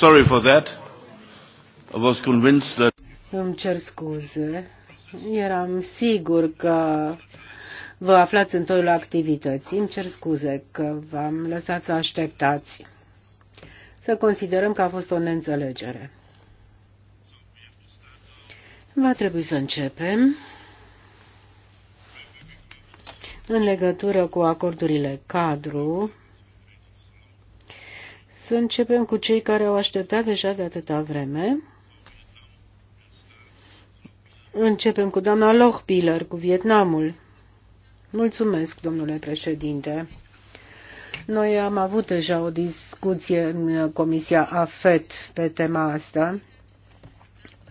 sorry for that. I was convinced that... Îmi cer scuze. Eram sigur că vă aflați în toiul activității. Îmi cer scuze că v-am lăsat să așteptați. Să considerăm că a fost o neînțelegere. Va trebui să începem. În legătură cu acordurile cadru, să începem cu cei care au așteptat deja de atâta vreme. Începem cu doamna Lochbiller, cu Vietnamul. Mulțumesc, domnule președinte. Noi am avut deja o discuție în Comisia AFET pe tema asta.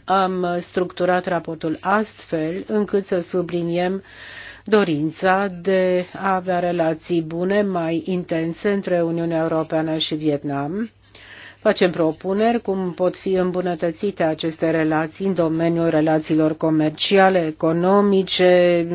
Am structurat raportul astfel încât să subliniem uh, dorința de a avea relații bune, mai intense între Uniunea Europeană și Vietnam. Facem propuneri cum pot fi îmbunătățite aceste relații în domeniul relațiilor comerciale, economice,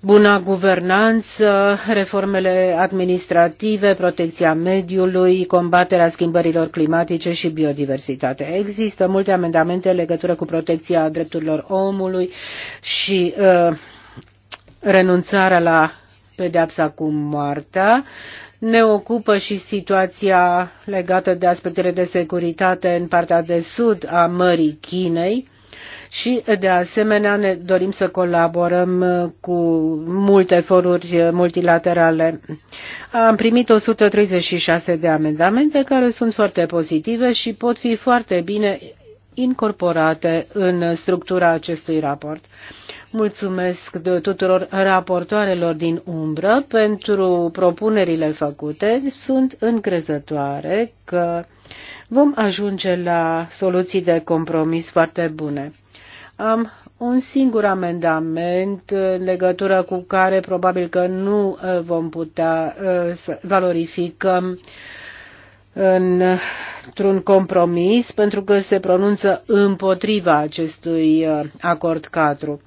buna guvernanță, reformele administrative, protecția mediului, combaterea schimbărilor climatice și biodiversitate. Există multe amendamente în legătură cu protecția drepturilor omului și uh, renunțarea la pedeapsa cu moartea, ne ocupă și situația legată de aspectele de securitate în partea de sud a Mării Chinei și, de asemenea, ne dorim să colaborăm cu multe foruri multilaterale. Am primit 136 de amendamente care sunt foarte pozitive și pot fi foarte bine incorporate în structura acestui raport. Mulțumesc tuturor raportoarelor din umbră pentru propunerile făcute. Sunt încrezătoare că vom ajunge la soluții de compromis foarte bune. Am un singur amendament în legătură cu care probabil că nu uh, vom putea uh, să valorificăm într-un compromis pentru că se pronunță împotriva acestui uh, acord cadru.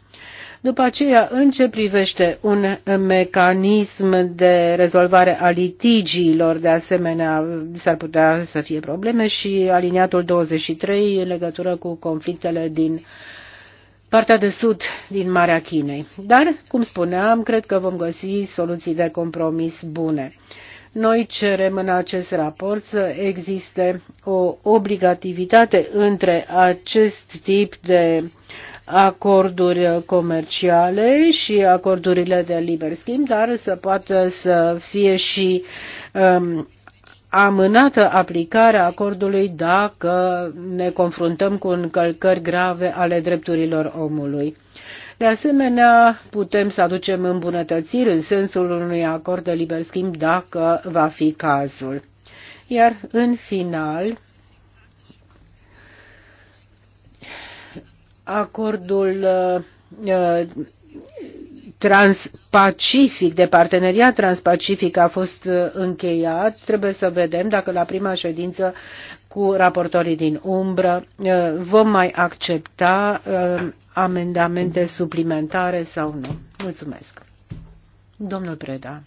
După aceea, în ce privește un mecanism de rezolvare a litigiilor, de asemenea, s-ar putea să fie probleme și aliniatul 23 în legătură cu conflictele din partea de sud din Marea Chinei. Dar, cum spuneam, cred că vom găsi soluții de compromis bune. Noi cerem în acest raport să existe o obligativitate între acest tip de acorduri comerciale și acordurile de liber schimb, dar să poată să fie și um, amânată aplicarea acordului dacă ne confruntăm cu încălcări grave ale drepturilor omului. De asemenea, putem să aducem îmbunătățiri în sensul unui acord de liber schimb dacă va fi cazul. Iar în final, acordul uh, uh, transpacific, de parteneriat transpacific a fost uh, încheiat. Trebuie să vedem dacă la prima ședință cu raportorii din umbră vom mai accepta amendamente suplimentare sau nu. Mulțumesc. Domnul Preda.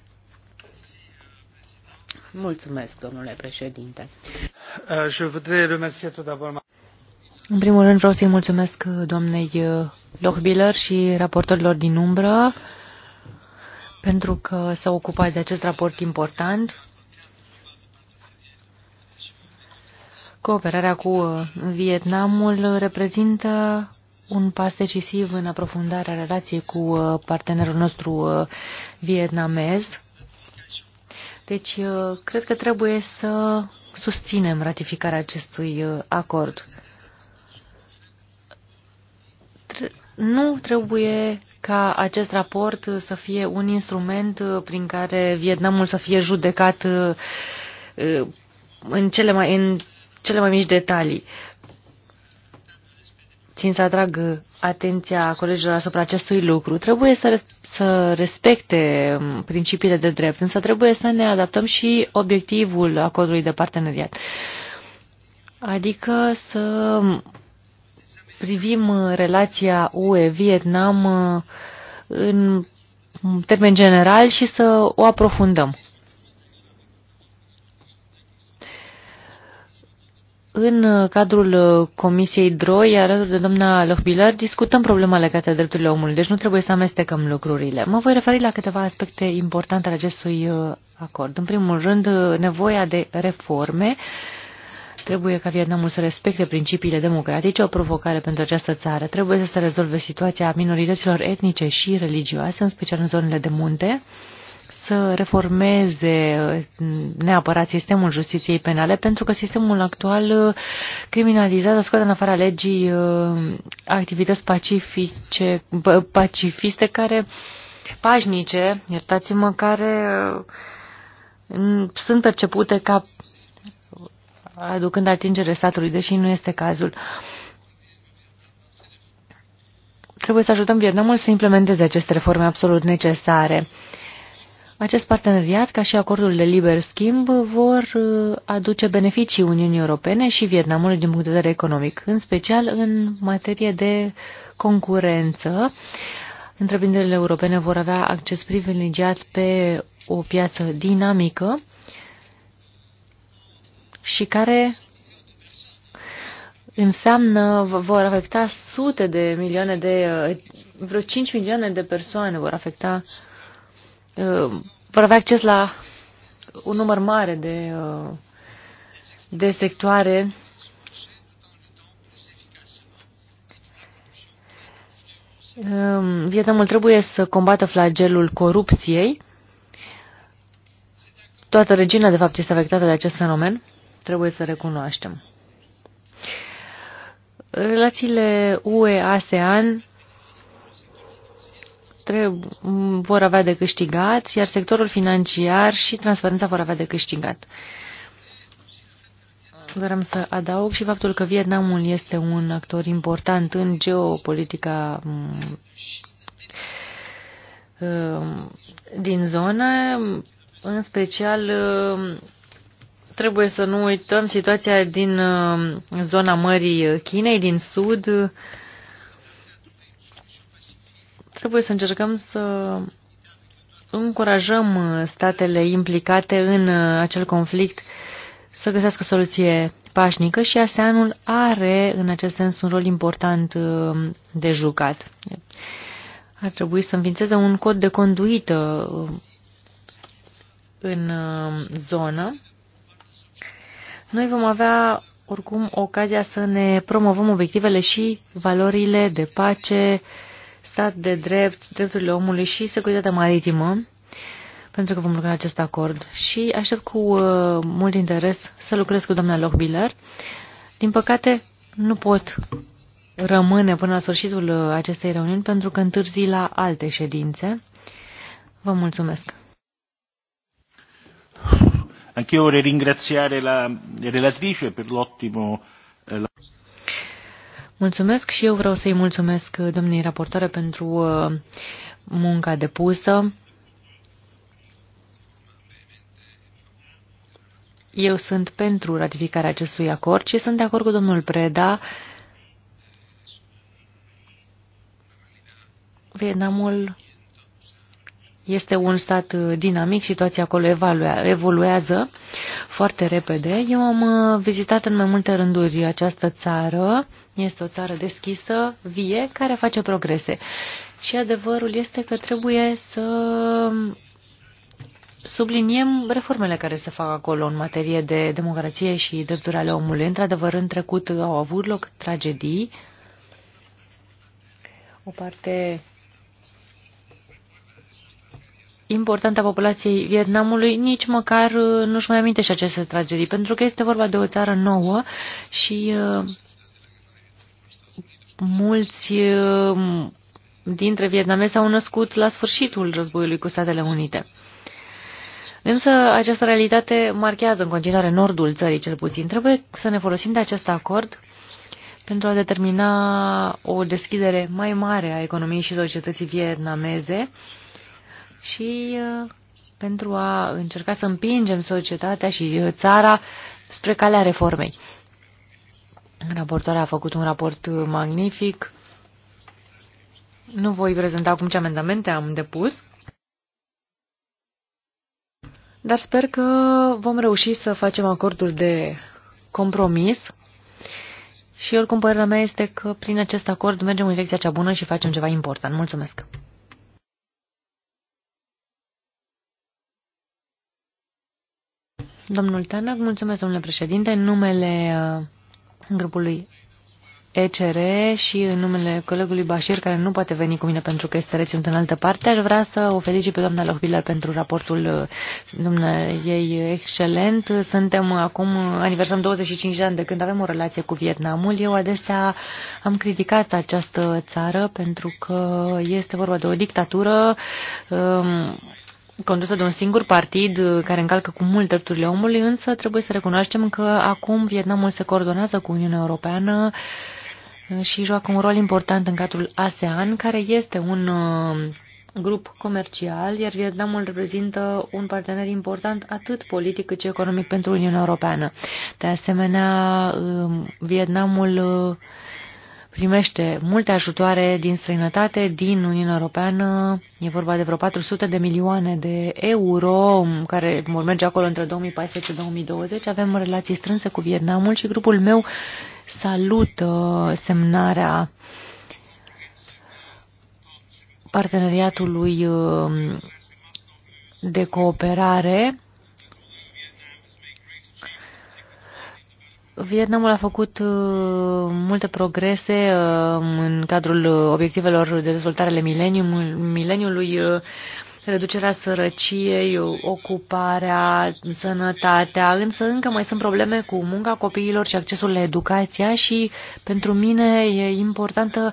Mulțumesc, domnule președinte. Je voudrais remercier tout d'abord în primul rând vreau să-i mulțumesc uh, doamnei uh, Lochbiller și raportorilor din umbră pentru că s-au ocupat de acest raport important. Cooperarea cu uh, Vietnamul reprezintă un pas decisiv în aprofundarea relației cu partenerul nostru vietnamez. Deci, cred că trebuie să susținem ratificarea acestui acord nu trebuie ca acest raport să fie un instrument prin care Vietnamul să fie judecat uh, uh, în cele mai, în cele mai mici detalii. Țin să atrag atenția colegilor asupra acestui lucru. Trebuie să, res să respecte um, principiile de drept, însă trebuie să ne adaptăm și obiectivul acordului de parteneriat. Adică să privim uh, relația UE-Vietnam uh, în termen general și să o aprofundăm. În uh, cadrul Comisiei DROI, alături de doamna Lohbilar, discutăm problema legată de drepturile omului, deci nu trebuie să amestecăm lucrurile. Mă voi referi la câteva aspecte importante ale acestui acord. În primul rând, nevoia de reforme uh, Trebuie ca Vietnamul să respecte principiile democratice, o provocare pentru această țară. Trebuie să se rezolve situația minorităților etnice și religioase, în special în zonele de munte, să reformeze uh, neapărat sistemul justiției penale, pentru că sistemul actual uh, criminalizează, scoate în afara legii uh, activități pacifice, pacifiste care pașnice, iertați-mă, care sunt percepute ca aducând atingere statului, deși nu este cazul. Trebuie să ajutăm Vietnamul să implementeze aceste reforme absolut necesare. Acest parteneriat, ca și acordul de liber schimb, vor uh, aduce beneficii Uniunii Europene și Vietnamului din punct de vedere economic, în special în materie de concurență. Întreprinderile europene vor avea acces privilegiat pe o piață dinamică și care înseamnă, vor afecta sute de milioane de, uh, vreo 5 milioane de persoane vor afecta, uh, vor avea acces la un număr mare de, uh, de sectoare um, Vietnamul trebuie să combată flagelul corupției. Toată regiunea, de fapt, este afectată de acest fenomen trebuie să recunoaștem. Relațiile UE-ASEAN vor avea de câștigat, iar sectorul financiar și transparența vor avea de câștigat. Vreau să adaug și faptul că Vietnamul este un actor important în geopolitica mm, mm, din zonă, în special mm, trebuie să nu uităm situația din uh, zona Mării Chinei, din sud. Trebuie să încercăm să încurajăm statele implicate în uh, acel conflict să găsească o soluție pașnică și ASEANul are în acest sens un rol important uh, de jucat. Ar trebui să înființeze un cod de conduită în zonă noi vom avea oricum ocazia să ne promovăm obiectivele și valorile de pace, stat de drept, drepturile omului și securitatea maritimă, pentru că vom lucra acest acord. Și aștept cu uh, mult interes să lucrez cu doamna Lochbiller. Din păcate, nu pot rămâne până la sfârșitul uh, acestei reuniuni pentru că întârzi la alte ședințe. Vă mulțumesc! Anch'io vorrei ringraziare la relatrice per l'ottimo eh, Mulțumesc și eu vreau să-i mulțumesc eh, domnului raportoare pentru eh, munca depusă. Eu sunt pentru ratificarea acestui acord și sunt de acord cu domnul Preda. Vietnamul este un stat uh, dinamic, situația acolo evoluează foarte repede. Eu am uh, vizitat în mai multe rânduri această țară. Este o țară deschisă, vie, care face progrese. Și adevărul este că trebuie să subliniem reformele care se fac acolo în materie de democrație și drepturi ale omului. Într-adevăr, în trecut au avut loc tragedii. O parte importantă a populației Vietnamului nici măcar uh, nu-și mai amintește aceste tragedii, pentru că este vorba de o țară nouă și uh, mulți uh, dintre vietnamezi s-au născut la sfârșitul războiului cu Statele Unite. Însă această realitate marchează în continuare nordul țării, cel puțin. Trebuie să ne folosim de acest acord pentru a determina o deschidere mai mare a economiei și societății vietnameze, și uh, pentru a încerca să împingem societatea și uh, țara spre calea reformei. Raportoarea a făcut un raport uh, magnific. Nu voi prezenta acum ce amendamente am depus, dar sper că vom reuși să facem acordul de compromis și oricum părerea mea este că prin acest acord mergem în direcția cea bună și facem ceva important. Mulțumesc! Domnul Tanac, mulțumesc, domnule președinte. În numele uh, grupului ECR și în numele colegului Bașir, care nu poate veni cu mine pentru că este reținut în altă parte, aș vrea să o felicit pe doamna Lohbiller pentru raportul uh, ei excelent. Suntem acum, uh, aniversăm 25 de ani de când avem o relație cu Vietnamul. Eu adesea am criticat această țară pentru că este vorba de o dictatură um, condusă de un singur partid uh, care încalcă cu mult drepturile omului, însă trebuie să recunoaștem că acum Vietnamul se coordonează cu Uniunea Europeană uh, și joacă un rol important în cadrul ASEAN, care este un uh, grup comercial, iar Vietnamul reprezintă un partener important atât politic cât și economic pentru Uniunea Europeană. De asemenea, Vietnamul primește multe ajutoare din străinătate, din Uniunea Europeană. E vorba de vreo 400 de milioane de euro care vor merge acolo între 2014-2020. Avem relații strânse cu Vietnamul și grupul meu salută semnarea parteneriatului uh, de cooperare Vietnamul a făcut uh, multe progrese uh, în cadrul uh, obiectivelor de dezvoltare ale mileniului, reducerea sărăciei, ocuparea, sănătatea, însă încă mai sunt probleme cu munca copiilor și accesul la educația și pentru mine e importantă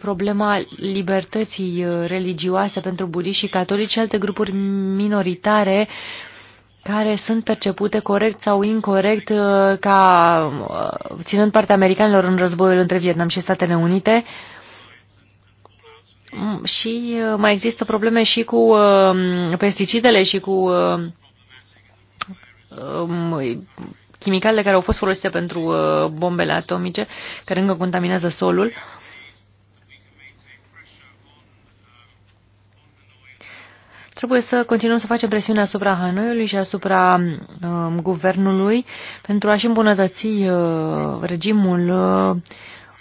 problema libertății religioase pentru budiști și catolici și alte grupuri minoritare care sunt percepute corect sau incorrect uh, ca uh, ținând partea americanilor în războiul între Vietnam și Statele Unite. Mm, și uh, mai există probleme și cu pesticidele și cu um, chimicalele care au fost folosite pentru bombele atomice, care încă contaminează solul. Trebuie să continuăm să facem presiune asupra Hanoiului și asupra um, guvernului pentru a-și îmbunătăți uh, regimul uh,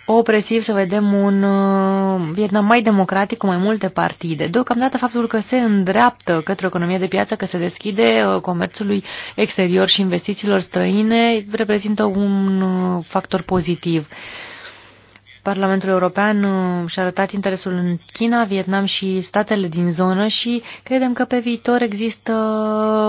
opresiv, să vedem un uh, Vietnam mai democratic cu mai multe partide. Deocamdată faptul că se îndreaptă către o economie de piață, că se deschide uh, comerțului exterior și investițiilor străine, reprezintă un uh, factor pozitiv. Uh, Parlamentul European uh, și-a arătat interesul în China, Vietnam și statele din zonă și credem că pe viitor există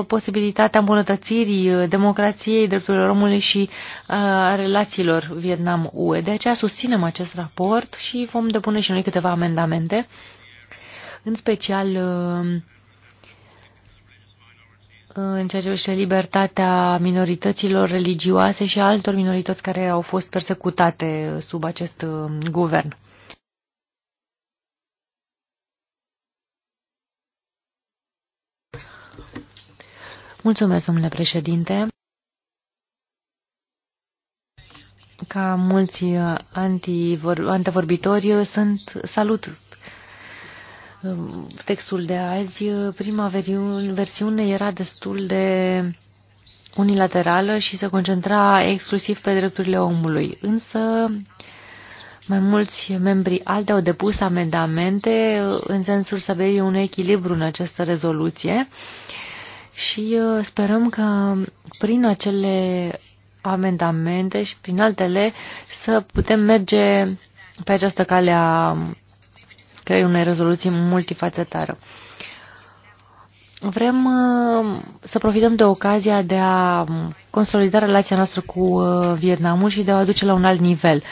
posibilitatea îmbunătățirii uh, democrației, drepturilor omului și uh, a relațiilor Vietnam-UE. De aceea susținem acest raport și vom depune și noi câteva amendamente, în special în ceea ce privește libertatea minorităților religioase și a altor minorități care au fost persecutate sub acest um, guvern. Mulțumesc, domnule președinte. Ca mulți uh, antevorbitori, sunt, salut textul de azi, prima versiune era destul de unilaterală și se concentra exclusiv pe drepturile omului. Însă, mai mulți membri alte au depus amendamente în sensul să vei un echilibru în această rezoluție și uh, sperăm că prin acele amendamente și prin altele să putem merge pe această cale a creării unei rezoluții multifacetară. Vrem uh, să profităm de ocazia de a consolida relația noastră cu uh, Vietnamul și de a o aduce la un alt nivel.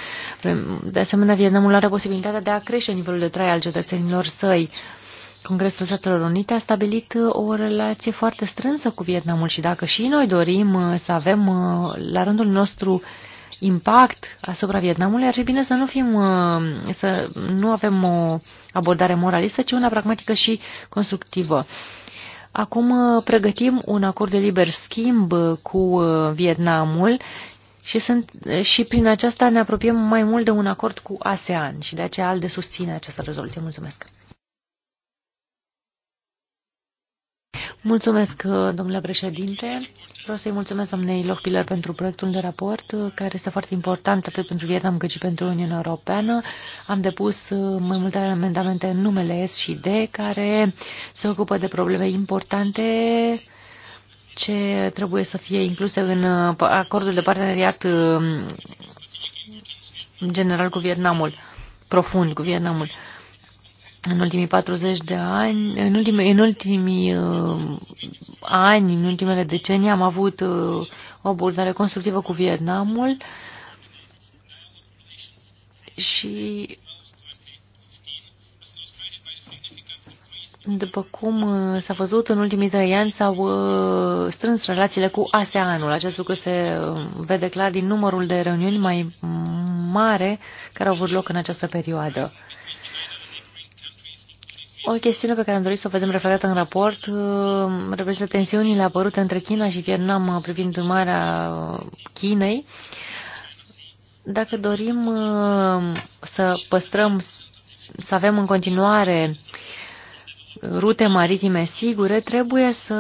De asemenea, Vietnamul are posibilitatea de a crește nivelul de trai al cetățenilor săi. Congresul Statelor Unite a stabilit uh, o relație foarte strânsă cu Vietnamul și dacă și noi dorim să avem la rândul nostru impact asupra Vietnamului, ar fi bine să nu, fim, uh, să nu avem o abordare moralistă, ci una pragmatică și constructivă. Acum uh, pregătim un acord de liber schimb uh, cu Vietnamul și, sunt, și prin aceasta ne apropiem mai mult de un acord cu ASEAN și de aceea de susține această rezoluție. Mulțumesc! Mulțumesc, uh, domnule președinte. Vreau să-i mulțumesc domnei Lohpiler pentru proiectul de raport, uh, care este foarte important atât pentru Vietnam cât și pentru Uniunea Europeană. Am depus uh, mai multe amendamente în numele S și D, care se ocupă de probleme importante ce trebuie să fie incluse în acordul de parteneriat general cu Vietnamul, profund cu Vietnamul în ultimii 40 de ani, în ultimii, în ultimii uh, ani, în ultimele decenii am avut uh, o abordare constructivă cu Vietnamul și după cum uh, s-a văzut în ultimii trei ani, s-au uh, strâns relațiile cu ASEANul. Acest lucru se uh, vede clar din numărul de reuniuni mai mare care au avut loc în această perioadă. O chestiune pe care am dorit să o vedem reflectată în raport uh, reprezintă tensiunile apărute între China și Vietnam uh, privind urmarea uh, Chinei. Dacă dorim să păstrăm, să avem în continuare rute maritime sigure, trebuie să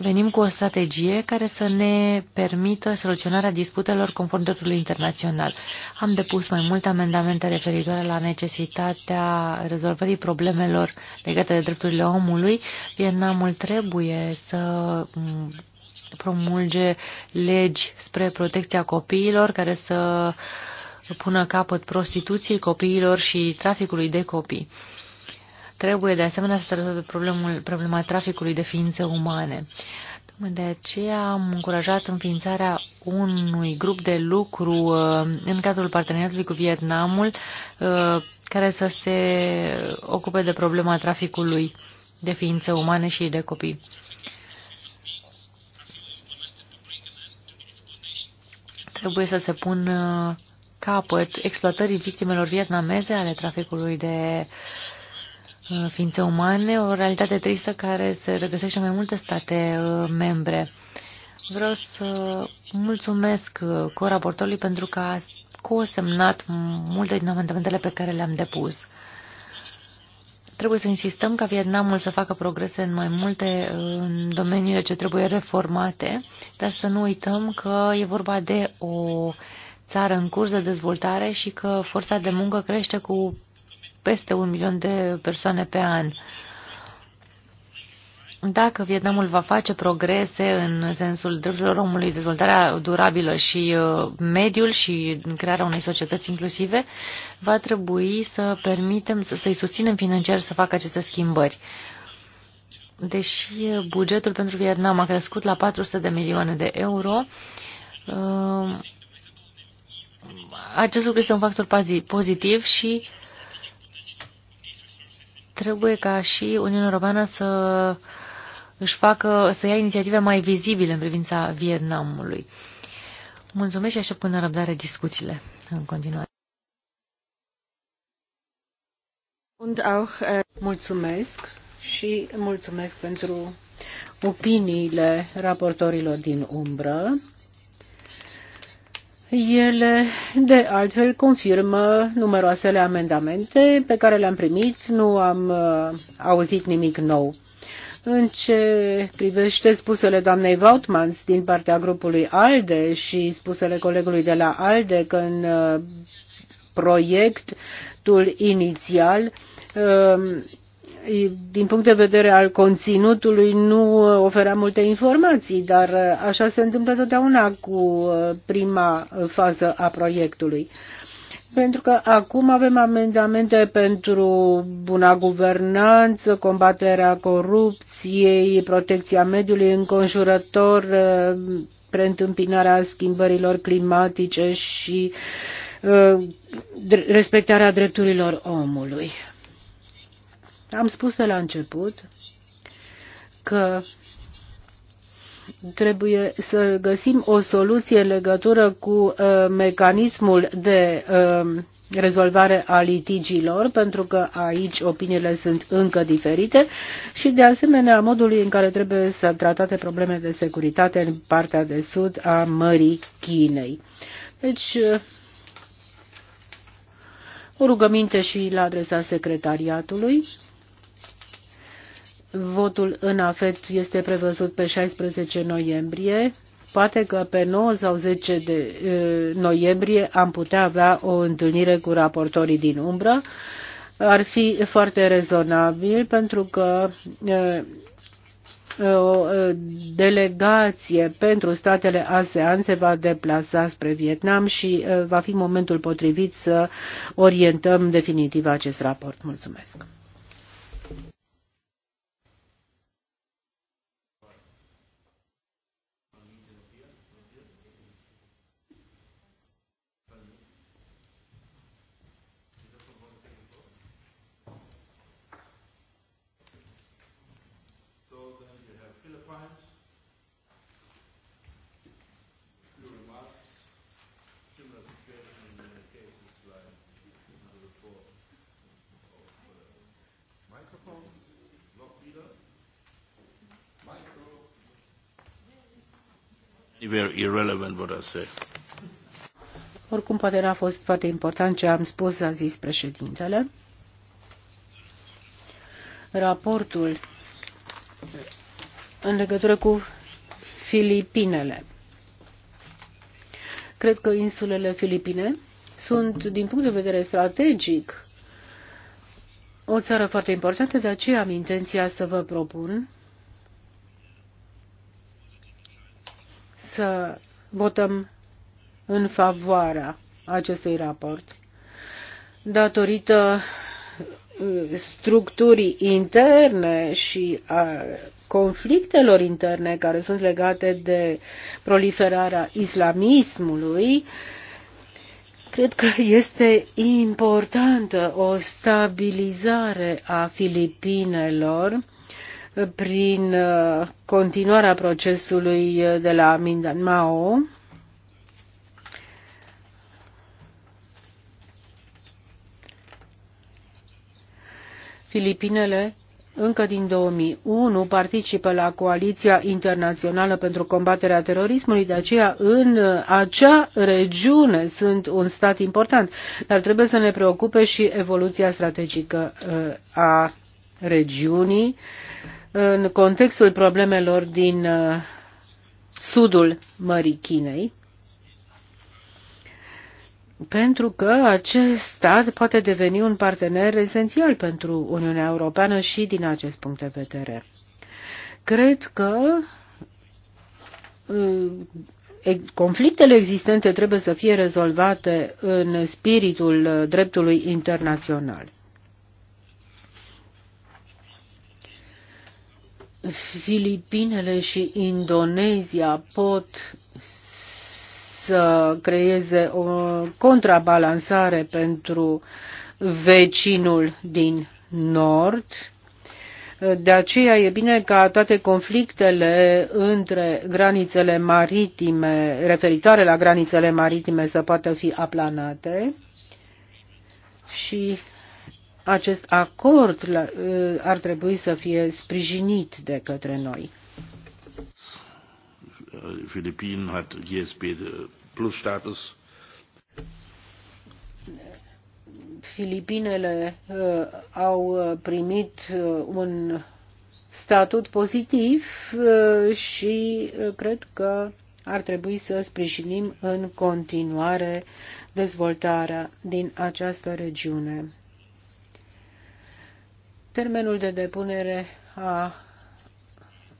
venim cu o strategie care să ne permită soluționarea disputelor conform dreptului internațional. Am depus mai multe amendamente referitoare la necesitatea rezolvării problemelor legate de drepturile omului. Vietnamul trebuie să promulge legi spre protecția copiilor care să pună capăt prostituției copiilor și traficului de copii. Trebuie de asemenea să se rezolve problemul, problema traficului de ființe umane. De aceea am încurajat înființarea unui grup de lucru uh, în cadrul parteneriatului cu Vietnamul uh, care să se ocupe de problema traficului de ființe umane și de copii. Trebuie să se pună capăt exploatării victimelor vietnameze ale traficului de uh, Uh, ființe umane, o realitate tristă care se regăsește în mai multe state uh, membre. Vreau să mulțumesc uh, coraportorului pentru că a cosemnat multe din amendamentele pe care le-am depus. Trebuie să insistăm ca Vietnamul să facă progrese în mai multe în domeniile ce trebuie reformate, dar să nu uităm că e vorba de o țară în curs de dezvoltare și că forța de muncă crește cu peste un milion de persoane pe an. Dacă Vietnamul va face progrese în sensul drepturilor omului, dezvoltarea durabilă și uh, mediul și crearea unei societăți inclusive, va trebui să permitem să-i susținem financiar să facă aceste schimbări. Deși bugetul pentru Vietnam a crescut la 400 de milioane de euro, uh, acest lucru este un factor pozitiv și Trebuie ca și Uniunea Europeană să își facă, să ia inițiative mai vizibile în privința Vietnamului. Mulțumesc și aștept până răbdare discuțiile în continuare. Und auch, äh, mulțumesc și mulțumesc pentru opiniile raportorilor din umbră. Ele, de altfel, confirmă numeroasele amendamente pe care le-am primit, nu am uh, auzit nimic nou. În ce privește spusele doamnei Vautmans din partea grupului ALDE și spusele colegului de la ALDE că în uh, proiectul inițial uh, din punct de vedere al conținutului nu oferea multe informații, dar uh, așa se întâmplă totdeauna cu uh, prima fază a proiectului. Pentru că acum avem amendamente pentru buna guvernanță, combaterea corupției, protecția mediului înconjurător, uh, preîntâmpinarea schimbărilor climatice și respectarea drepturilor omului. Am spus de la început că trebuie să găsim o soluție în legătură cu uh, mecanismul de uh, rezolvare a litigiilor, pentru că aici opiniile sunt încă diferite și de asemenea modului în care trebuie să tratate probleme de securitate în partea de sud a Mării Chinei. Deci, uh, o rugăminte și la adresa secretariatului Votul în afet este prevăzut pe 16 noiembrie. Poate că pe 9 sau 10 de noiembrie am putea avea o întâlnire cu raportorii din umbră. Ar fi foarte rezonabil pentru că o delegație pentru statele ASEAN se va deplasa spre Vietnam și va fi momentul potrivit să orientăm definitiv acest raport. Mulțumesc! Oricum, poate n-a fost foarte important ce am spus, a zis președintele. Raportul în legătură cu Filipinele. Cred că insulele Filipine sunt, din punct de vedere strategic, o țară foarte importantă, de aceea am intenția să vă propun să votăm în favoarea acestui raport. Datorită uh, structurii interne și a conflictelor interne care sunt legate de proliferarea islamismului, cred că este importantă o stabilizare a Filipinelor prin uh, continuarea procesului uh, de la Mindanao. Filipinele încă din 2001 participă la Coaliția Internațională pentru Combaterea Terorismului, de aceea în uh, acea regiune sunt un stat important, dar trebuie să ne preocupe și evoluția strategică a regiunii în contextul problemelor din uh, sudul Mării Chinei, pentru că acest stat poate deveni un partener esențial pentru Uniunea Europeană și din acest punct de vedere. Cred că uh, conflictele existente trebuie să fie rezolvate în spiritul dreptului internațional. Filipinele și Indonezia pot să creeze o contrabalansare pentru vecinul din nord. De aceea e bine ca toate conflictele între granițele maritime, referitoare la granițele maritime, să poată fi aplanate și acest acord uh, ar trebui să fie sprijinit de către noi. Filipin hat GSP plus status. Filipinele uh, au uh, primit uh, un statut pozitiv uh, și uh, cred că ar trebui să sprijinim în continuare dezvoltarea din această regiune. Termenul de depunere a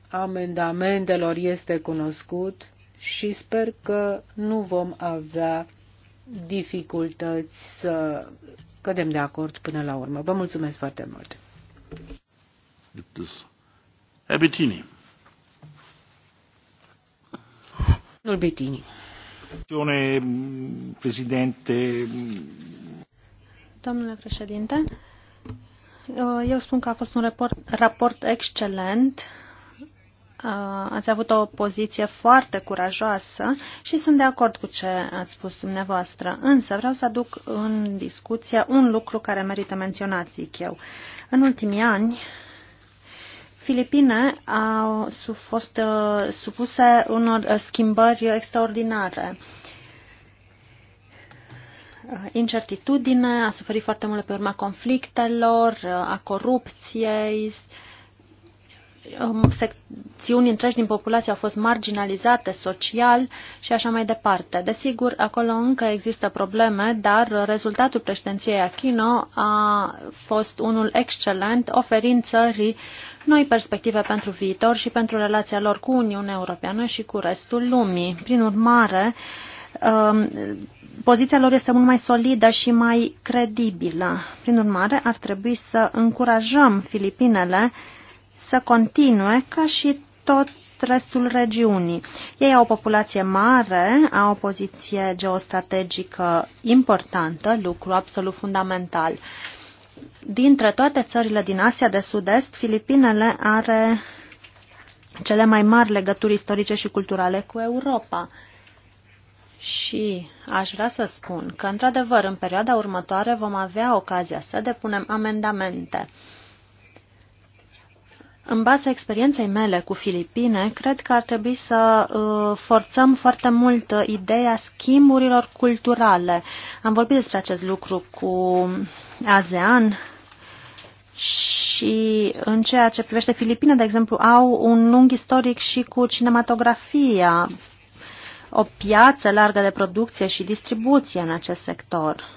amendamentelor este cunoscut și sper că nu vom avea dificultăți să cădem de acord până la urmă. Vă mulțumesc foarte mult. Domnul Bettini. Domnule președinte. Domnule președinte, Uh, eu spun că a fost un raport, raport excelent. Uh, ați avut o poziție foarte curajoasă și sunt de acord cu ce ați spus dumneavoastră. Însă vreau să aduc în discuție un lucru care merită menționat, zic eu. În ultimii ani, Filipine au fost uh, supuse unor schimbări extraordinare. Uh, Uh, incertitudine, a suferit foarte mult pe urma conflictelor, uh, a corupției, um, secțiuni întregi din populație au fost marginalizate social și așa mai departe. Desigur, acolo încă există probleme, dar rezultatul președinției Achino a fost unul excelent, oferind țării noi perspective pentru viitor și pentru relația lor cu Uniunea Europeană și cu restul lumii. Prin urmare, uh, Um, poziția lor este mult mai solidă și mai credibilă. Prin urmare, ar trebui să încurajăm Filipinele să continue ca și tot restul regiunii. Ei au o populație mare, au o poziție geostrategică importantă, lucru absolut fundamental. Dintre toate țările din Asia de Sud-Est, Filipinele are cele mai mari legături istorice și culturale cu Europa. Și aș vrea să spun că, într-adevăr, în perioada următoare vom avea ocazia să depunem amendamente. În baza experienței mele cu Filipine, cred că ar trebui să uh, forțăm foarte mult uh, ideea schimburilor culturale. Am vorbit despre acest lucru cu ASEAN și în ceea ce privește Filipine, de exemplu, au un lung istoric și cu cinematografia o piață largă de producție și distribuție în acest sector.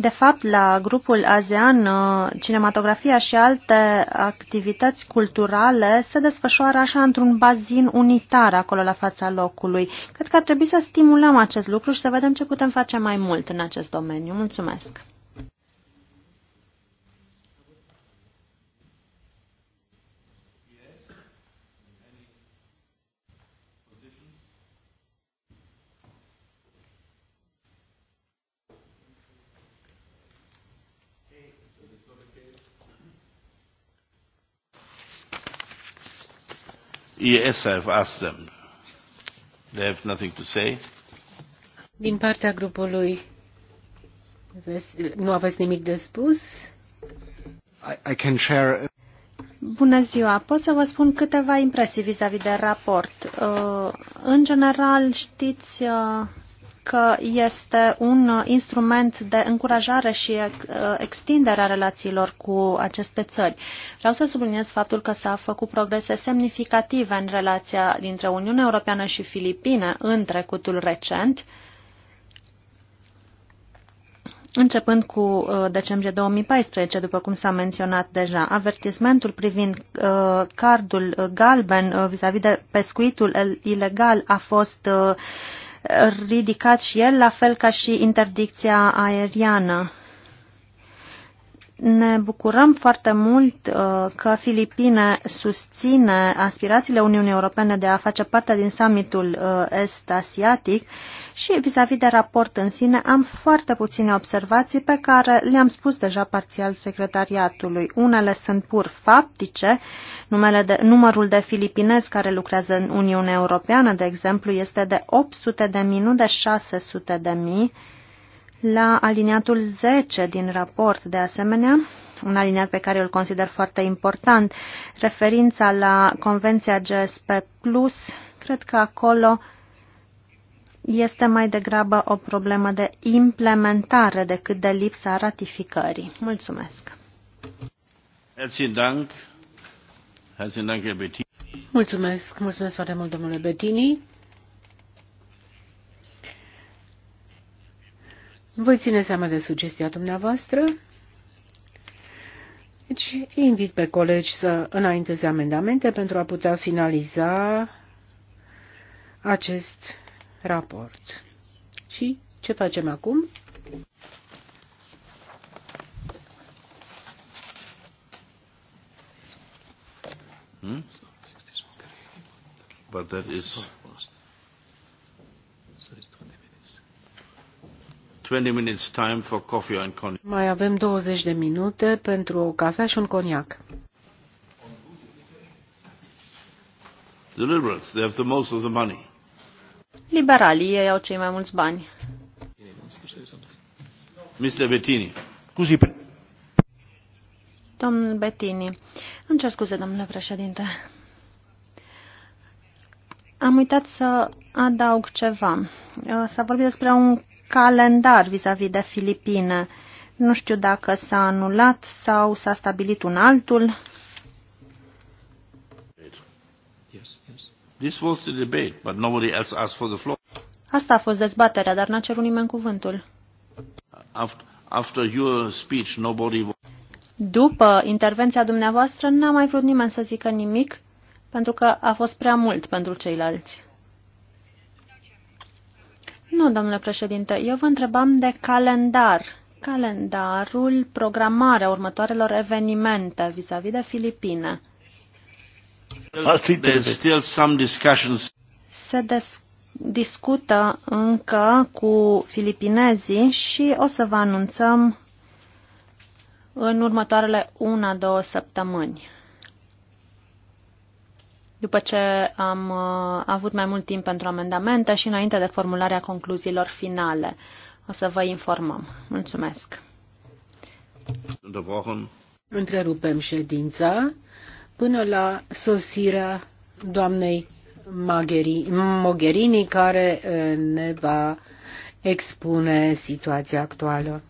De fapt, la grupul ASEAN, uh, cinematografia și alte activități culturale se desfășoară așa într-un bazin unitar acolo la fața locului. Cred că ar trebui să stimulăm acest lucru și să vedem ce putem face mai mult în acest domeniu. Mulțumesc! Yes, I've asked them. They have nothing to say. Din partea grupului nu aveți nimic de spus? I, I can share... Bună ziua! Pot să vă spun câteva impresii vis-a-vis -vis de raport. Uh, în general, știți uh, că este un instrument de încurajare și uh, extindere a relațiilor cu aceste țări. Vreau să subliniez faptul că s-a făcut progrese semnificative în relația dintre Uniunea Europeană și Filipine în trecutul recent, Începând cu uh, decembrie 2014, după cum s-a menționat deja, avertismentul privind uh, cardul galben vis-a-vis -vis de pescuitul ilegal a fost ridicat și el, la fel ca și interdicția aeriană. Ne bucurăm foarte mult uh, că Filipine susține aspirațiile Uniunii Europene de a face parte din summitul uh, est-asiatic și vis-a-vis -vis de raport în sine am foarte puține observații pe care le-am spus deja parțial secretariatului. Unele sunt pur faptice, numele de, numărul de filipinezi care lucrează în Uniunea Europeană, de exemplu, este de 800 de mii, nu de 600 de mii, la aliniatul 10 din raport, de asemenea, un aliniat pe care îl consider foarte important, referința la Convenția GSP+, cred că acolo este mai degrabă o problemă de implementare decât de lipsa ratificării. Mulțumesc! Mulțumesc, mulțumesc foarte mult, domnule Bettini. Voi ține seama de sugestia dumneavoastră. Deci invit pe colegi să înainteze amendamente pentru a putea finaliza acest raport. Și ce facem acum? Hmm? But that is 20 minutes time for coffee and cognac. Mai avem 20 de minute pentru o cafea și un coniac. The liberals, they have the most of the money. Liberalii ei au cei mai mulți bani. Mr. Bettini. scuzi. pre... Domnul Bettini. Îmi cer scuze, domnule președinte. Am uitat să adaug ceva. S-a vorbit despre un calendar vis-a-vis -vis de Filipine. Nu știu dacă s-a anulat sau s-a stabilit un altul. Asta a fost dezbaterea, dar n-a cerut nimeni cuvântul. After your speech, nobody... După intervenția dumneavoastră, n-a mai vrut nimeni să zică nimic, pentru că a fost prea mult pentru ceilalți. Nu, domnule președinte, eu vă întrebam de calendar. Calendarul, programarea următoarelor evenimente vis-a-vis -vis de Filipine. Still some discussions. Se des discută încă cu filipinezii și o să vă anunțăm în următoarele una-două săptămâni după ce am uh, avut mai mult timp pentru amendamente și înainte de formularea concluziilor finale. O să vă informăm. Mulțumesc. Întrerupem ședința până la sosirea doamnei Mogherini, care uh, ne va expune situația actuală.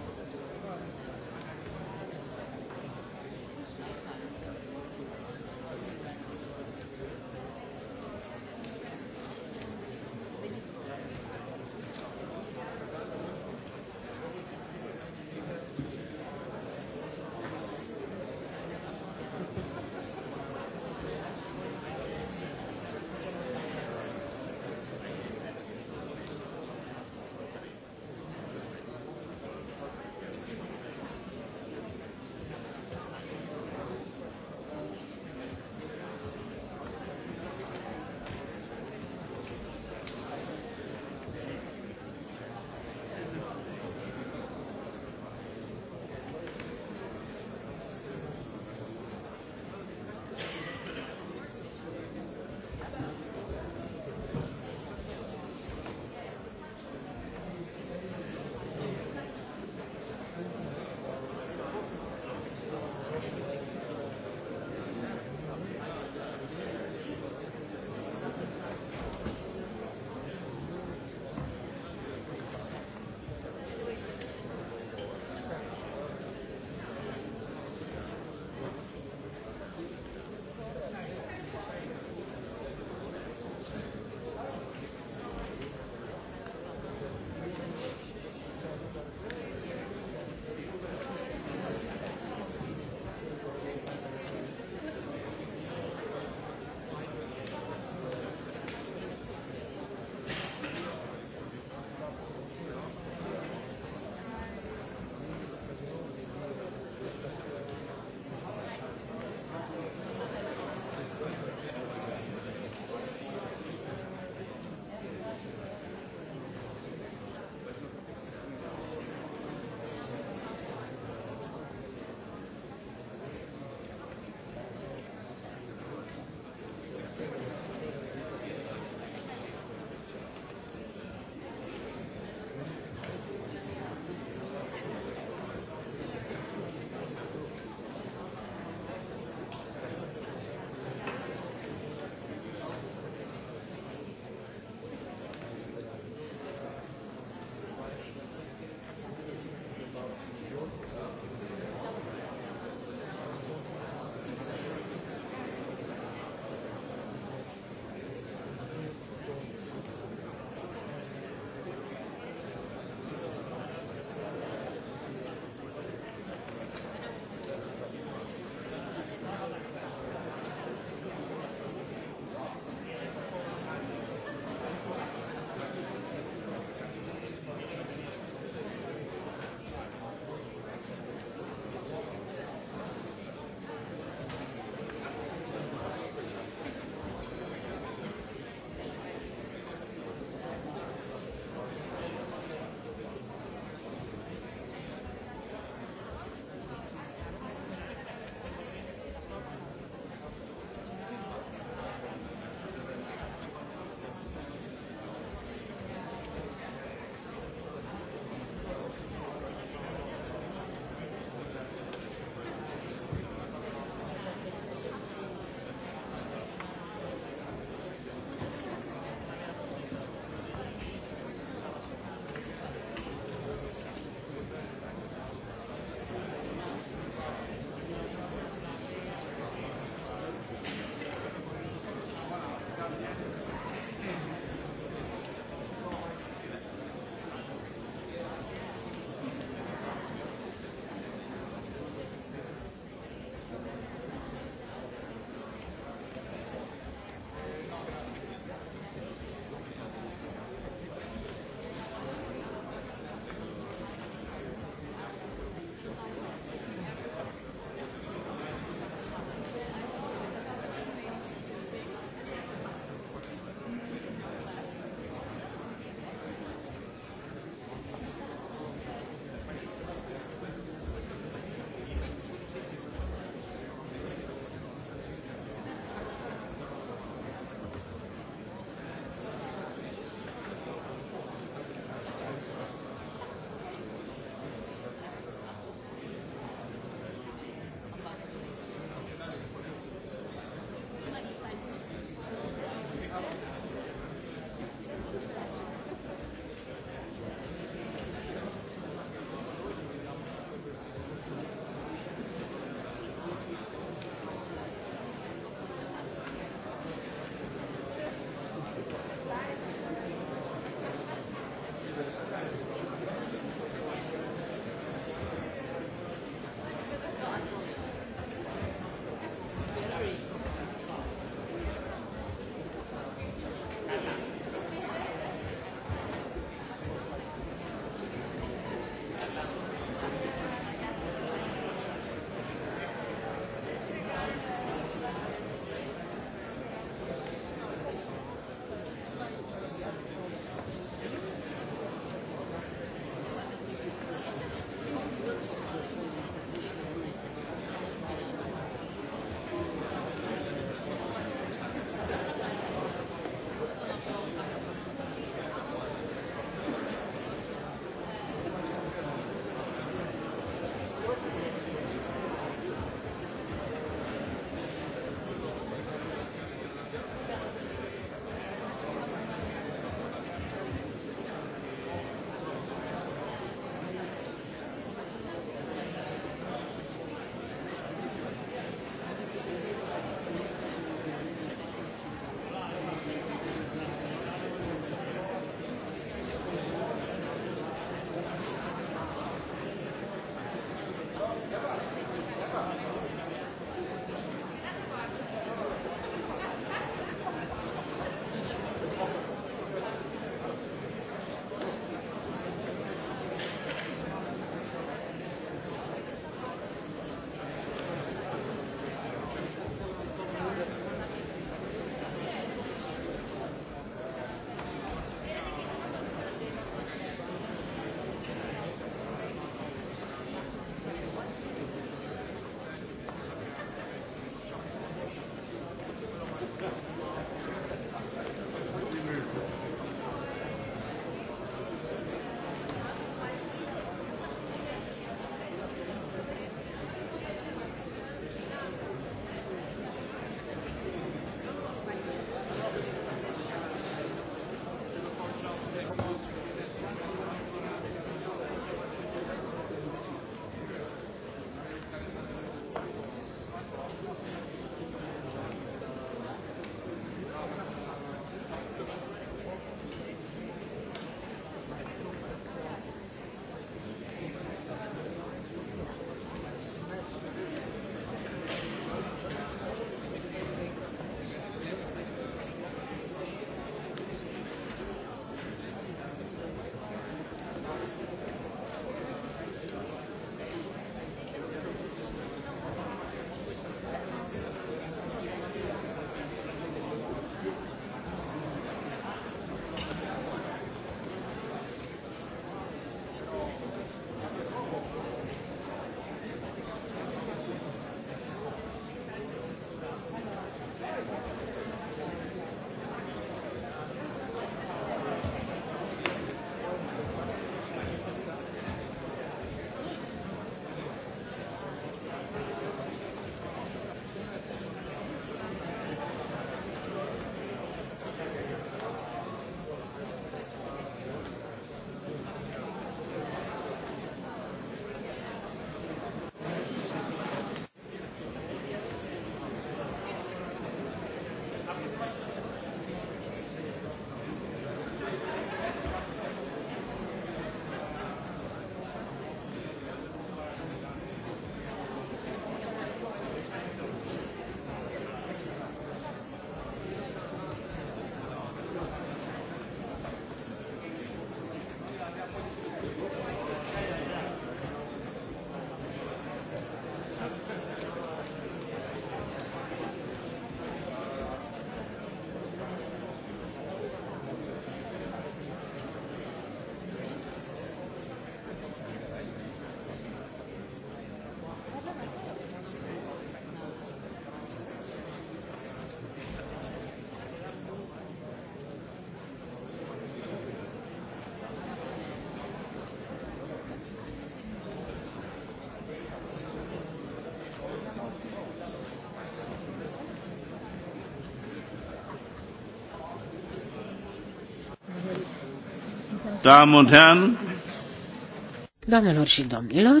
Doamnelor și domnilor,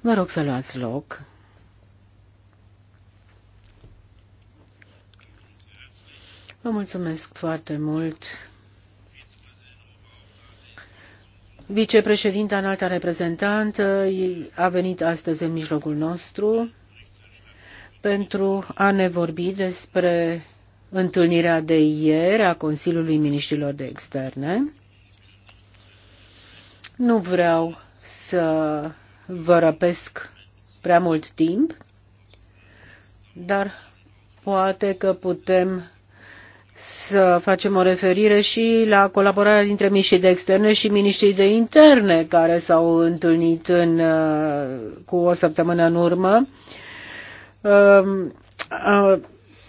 vă rog să luați loc. Vă mulțumesc foarte mult Vicepreședinta înalta reprezentantă a venit astăzi în mijlocul nostru pentru a ne vorbi despre întâlnirea de ieri a Consiliului Ministrilor de Externe. Nu vreau să vă răpesc prea mult timp, dar poate că putem să facem o referire și la colaborarea dintre miniștrii de externe și miniștrii de interne care s-au întâlnit în, uh, cu o săptămână în urmă. Um, uh,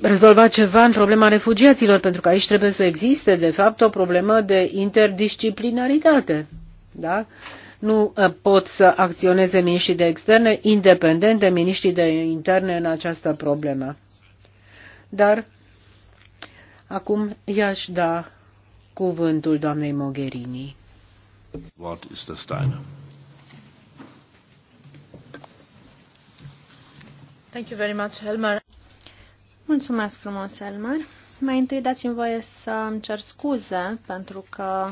rezolva ceva în problema refugiaților, pentru că aici trebuie să existe, de fapt, o problemă de interdisciplinaritate. Da? Nu uh, pot să acționeze miniștrii de externe independent de miniștrii de interne în această problemă. Dar acum i-aș da cuvântul doamnei Mogherini. Wort ist das deine. Thank you very much, Helmer. Mulțumesc frumos, Elmer. Mai întâi dați-mi voie să îmi cer scuze pentru că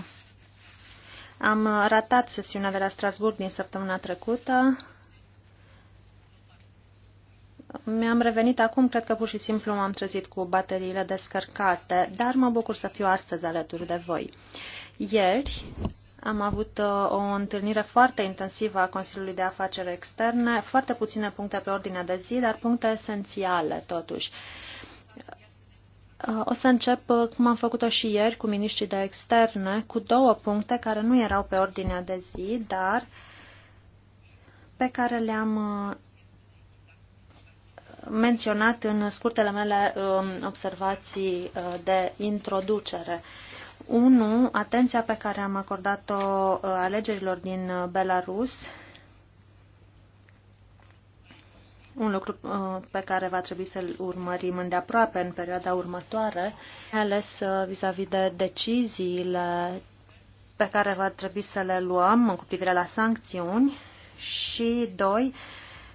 am ratat sesiunea de la Strasburg din săptămâna trecută. Mi-am revenit acum, cred că pur și simplu m-am trezit cu bateriile descărcate, dar mă bucur să fiu astăzi alături de voi. Ieri am avut uh, o întâlnire foarte intensivă a Consiliului de Afaceri Externe, foarte puține puncte pe ordinea de zi, dar puncte esențiale totuși. Uh, o să încep, uh, cum am făcut-o și ieri, cu miniștrii de externe, cu două puncte care nu erau pe ordinea de zi, dar pe care le-am menționat în scurtele mele um, observații de introducere. 1. Atenția pe care am acordat-o uh, alegerilor din uh, Belarus, un lucru uh, pe care va trebui să-l urmărim îndeaproape în perioada următoare, mai ales vis-a-vis -vis de deciziile pe care va trebui să le luăm cu privire la sancțiuni și, doi,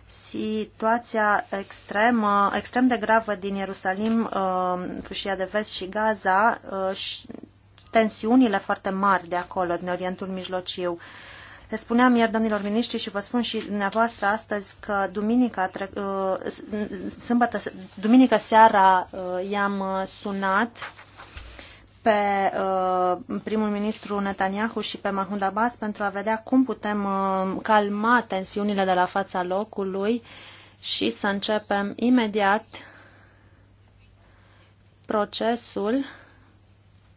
situația extremă, extrem de gravă din Ierusalim, Fâșia de Vest și Gaza tensiunile foarte mari de acolo, din Orientul Mijlociu. Le spuneam ieri domnilor miniștri și vă spun și dumneavoastră astăzi că duminica, uh, sâmbătă, duminica seara uh, i-am uh, sunat pe primul ministru Netanyahu și pe Mahmoud Abbas pentru a vedea cum putem calma tensiunile de la fața locului și să începem imediat procesul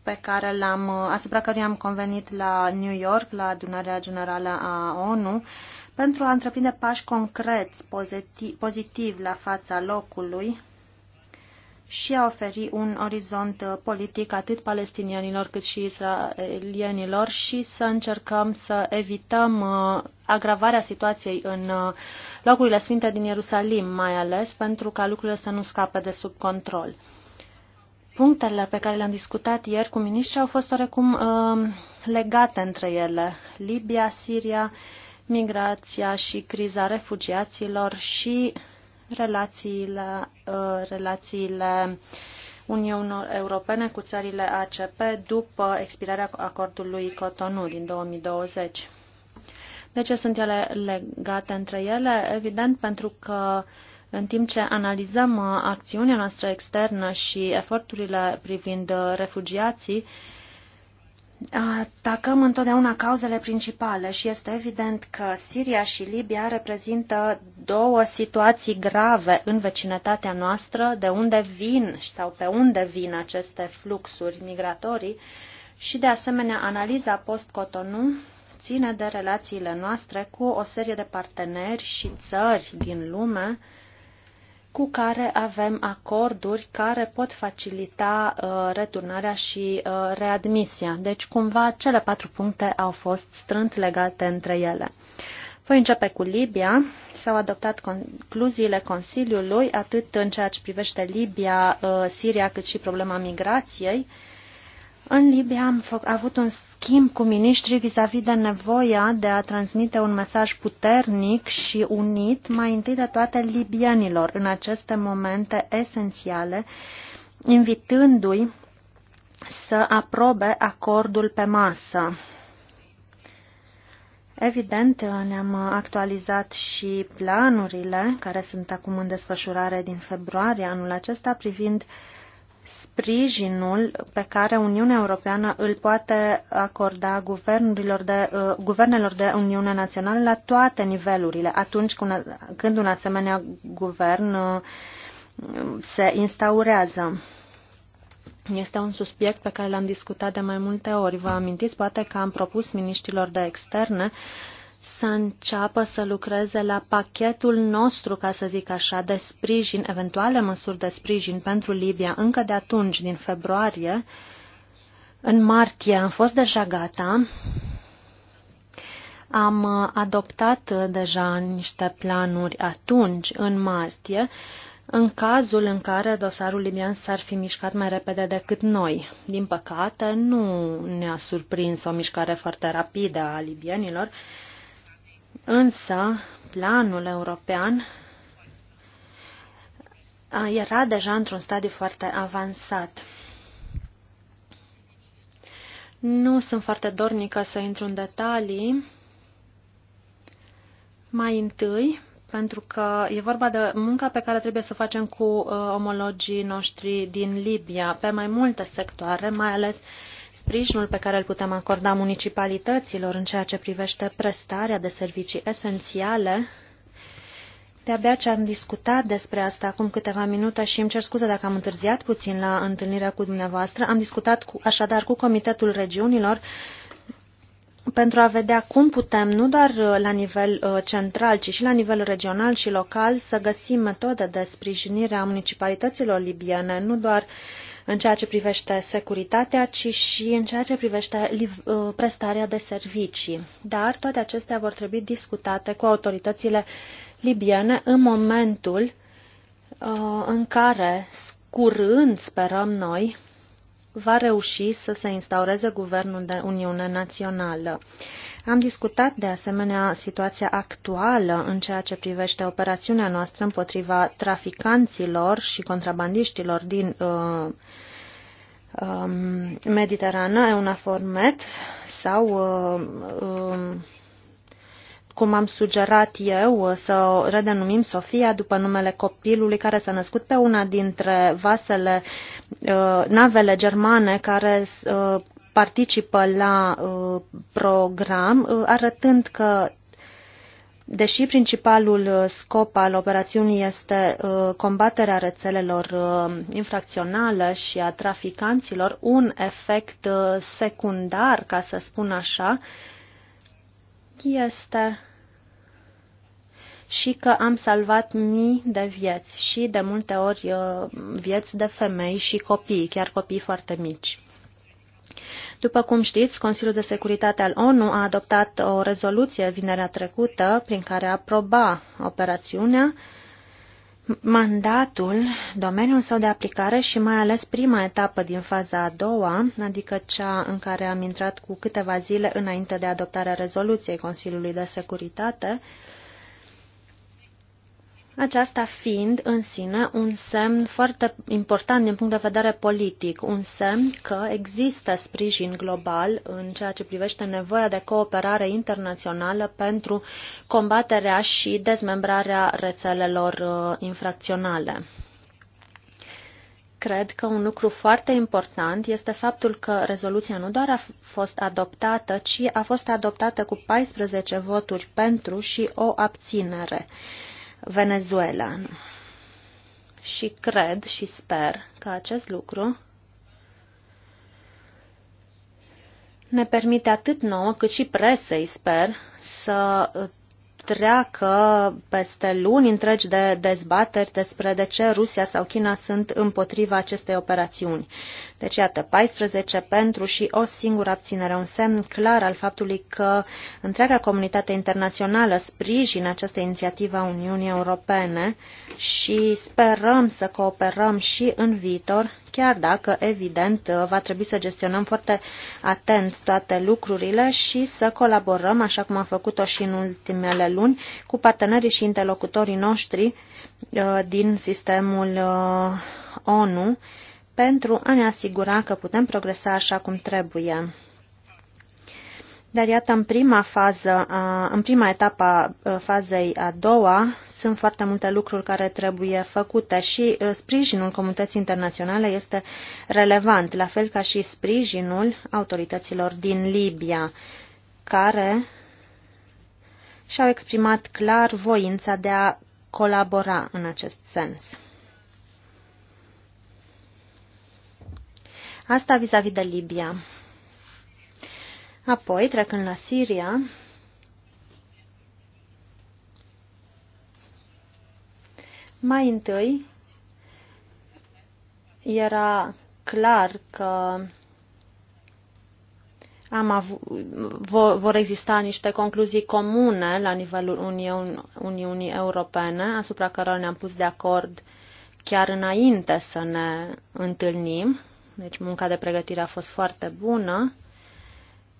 pe care l-am, asupra căruia am convenit la New York, la adunarea generală a ONU, pentru a întreprinde pași concreți pozitiv, pozitiv la fața locului și a oferi un orizont politic atât palestinienilor cât și israelienilor și să încercăm să evităm uh, agravarea situației în uh, locurile sfinte din Ierusalim, mai ales pentru ca lucrurile să nu scape de sub control punctele pe care le-am discutat ieri cu miniștri au fost orecum uh, legate între ele. Libia, Siria, migrația și criza refugiaților și relațiile, uh, relațiile Uniunii Europene cu țările ACP după expirarea acordului Cotonou din 2020. De ce sunt ele legate între ele? Evident, pentru că uh, în timp ce analizăm uh, acțiunea noastră externă și eforturile privind uh, refugiații, atacăm întotdeauna cauzele principale și este evident că Siria și Libia reprezintă două situații grave în vecinătatea noastră, de unde vin sau pe unde vin aceste fluxuri migratorii și, de asemenea, analiza post-Cotonou ține de relațiile noastre cu o serie de parteneri și țări din lume, cu care avem acorduri care pot facilita uh, returnarea și uh, readmisia. Deci, cumva, cele patru puncte au fost strânt legate între ele. Voi începe cu Libia. S-au adoptat concluziile Consiliului, atât în ceea ce privește Libia, uh, Siria, cât și problema migrației. Uh, în Libia am avut un schimb cu miniștrii vis-a-vis de nevoia de a transmite un mesaj puternic și unit, mai întâi de toate libienilor, în aceste momente esențiale, invitându-i să aprobe acordul pe masă. Evident, ne-am actualizat și planurile care sunt acum în desfășurare din februarie anul acesta privind uh, sprijinul pe care Uniunea Europeană îl poate acorda guvernurilor de, uh, guvernelor de Uniune Națională la toate nivelurile, atunci când, un asemenea guvern uh, se instaurează. Este un subiect pe care l-am discutat de mai multe ori. Vă amintiți poate că am propus miniștilor de externe uh, să înceapă să lucreze la pachetul nostru, ca să zic așa, de sprijin, eventuale măsuri de sprijin pentru Libia încă de atunci, din februarie. În martie am fost deja gata. Am adoptat deja niște planuri atunci, în martie, în cazul în care dosarul libian s-ar fi mișcat mai repede decât noi. Din păcate, nu ne-a surprins o mișcare foarte rapidă a libienilor, Însă, planul european era deja într-un stadiu foarte avansat. Nu sunt foarte dornică să intru în detalii. Mai întâi, pentru că e vorba de munca pe care trebuie să o facem cu uh, omologii noștri din Libia, pe mai multe sectoare, mai ales uh, Sprijinul pe care îl putem acorda municipalităților în ceea ce privește prestarea de servicii esențiale de-abia ce am discutat despre asta acum câteva minute și îmi cer scuze dacă am întârziat puțin la întâlnirea cu dumneavoastră. Am discutat cu, așadar cu Comitetul Regiunilor pentru a vedea cum putem, nu doar uh, la nivel uh, central, ci și la nivel regional și local, să găsim metode de sprijinire a municipalităților libiene, nu doar uh, în ceea ce privește securitatea, ci și în ceea ce privește uh, prestarea de servicii. Dar toate acestea vor trebui discutate cu autoritățile libiene în momentul uh, în care, scurând, sperăm noi, va reuși să se instaureze guvernul de Uniune Națională. Am discutat de asemenea situația actuală în ceea ce privește operațiunea noastră împotriva traficanților și contrabandiștilor din uh, um, una EUNAFOR sau uh, um, cum am sugerat eu, uh, să o redenumim Sofia după numele copilului care s-a născut pe una dintre vasele, uh, navele germane care uh, participă la uh, program, uh, arătând că Deși principalul uh, scop al operațiunii este combaterea rețelelor infracționale și a traficanților, un efect secundar, ca să spun așa, este și că am salvat mii de vieți și de multe ori vieți de femei și copii, chiar copii foarte mici. După cum știți, Consiliul de Securitate al ONU a adoptat o rezoluție vinerea trecută prin care aproba operațiunea, mandatul, domeniul său de aplicare și mai ales prima etapă din faza a doua, adică cea în care am intrat cu câteva zile înainte de adoptarea rezoluției Consiliului de Securitate, aceasta fiind în sine un semn foarte important din punct de vedere politic, un semn că există sprijin global în ceea ce privește nevoia de cooperare internațională pentru combaterea și dezmembrarea rețelelor uh, infracționale. Cred că un lucru foarte important este faptul că rezoluția nu doar a fost adoptată, ci a fost adoptată cu 14 voturi pentru și o abținere. Venezuelan. Și cred și sper că acest lucru ne permite atât nouă cât și presei, sper, să treacă peste luni întregi de dezbateri despre de ce Rusia sau China sunt împotriva acestei operațiuni. Deci, iată, 14 pentru și o singură abținere, un semn clar al faptului că întreaga comunitate internațională sprijină această inițiativă a Uniunii Europene și sperăm să cooperăm și în viitor, chiar dacă, evident, va trebui să gestionăm foarte atent toate lucrurile și să colaborăm, așa cum am făcut-o și în ultimele luni, cu partenerii și interlocutorii noștri uh, din sistemul uh, ONU pentru a ne asigura că putem progresa așa cum trebuie. Dar iată, în prima fază, în prima etapă a fazei a doua, sunt foarte multe lucruri care trebuie făcute și sprijinul comunității internaționale este relevant, la fel ca și sprijinul autorităților din Libia, care și-au exprimat clar voința de a colabora în acest sens. Asta vis-a-vis -vis de Libia. Apoi, trecând la Siria, mai întâi era clar că am vor, vor exista niște concluzii comune la nivelul Uniun- Uniunii Europene, asupra cărora ne-am pus de acord chiar înainte să ne întâlnim deci munca de pregătire a fost foarte bună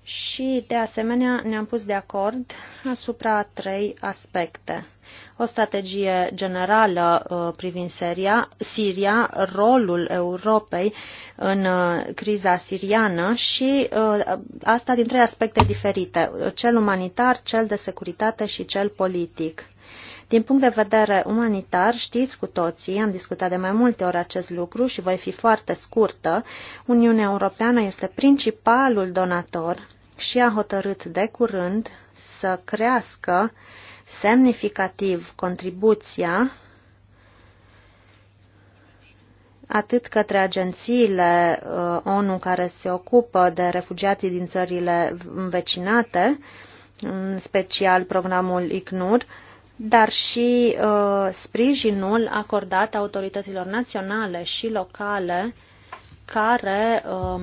și, de asemenea, ne-am pus de acord asupra trei aspecte. O strategie generală uh, privind Siria, Siria rolul Europei în uh, criza siriană și uh, asta din trei aspecte diferite, cel umanitar, cel de securitate și cel politic. Din punct de vedere umanitar, știți cu toții, am discutat de mai multe ori acest lucru și voi fi foarte scurtă, Uniunea Europeană este principalul donator și a hotărât de curând să crească semnificativ contribuția atât către agențiile uh, ONU care se ocupă de refugiații din țările învecinate, în special programul ICNUR, dar și uh, sprijinul acordat autorităților naționale și locale care um,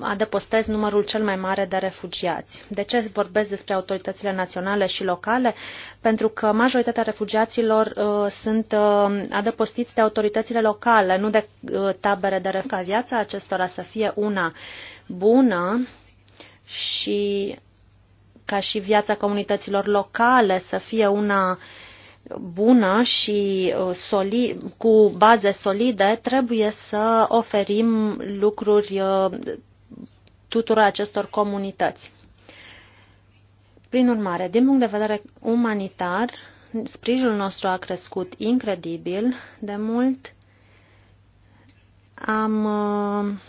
adăpostez numărul cel mai mare de refugiați. De ce vorbesc despre autoritățile naționale și locale? Pentru că majoritatea refugiaților uh, sunt uh, adăpostiți de autoritățile locale, nu de uh, tabere de refugiați. Viața acestora să fie una bună și ca și viața comunităților locale să fie una bună și uh, soli, cu baze solide, trebuie să oferim lucruri uh, tuturor acestor comunități. Prin urmare, din punct de vedere umanitar, sprijinul nostru a crescut incredibil de mult. Am uh,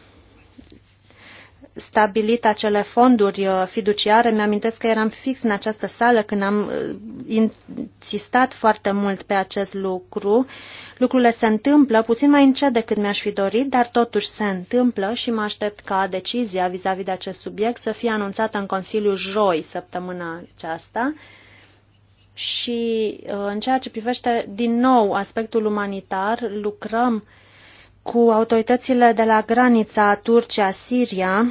stabilit acele fonduri uh, fiduciare. Mi-amintesc că eram fix în această sală când am uh, insistat foarte mult pe acest lucru. Lucrurile se întâmplă puțin mai încet decât mi-aș fi dorit, dar totuși se întâmplă și mă aștept ca decizia vis-a-vis -vis de acest subiect să fie anunțată în Consiliu joi săptămâna aceasta. Și uh, în ceea ce privește din nou aspectul umanitar, lucrăm cu autoritățile de la granița Turcia-Siria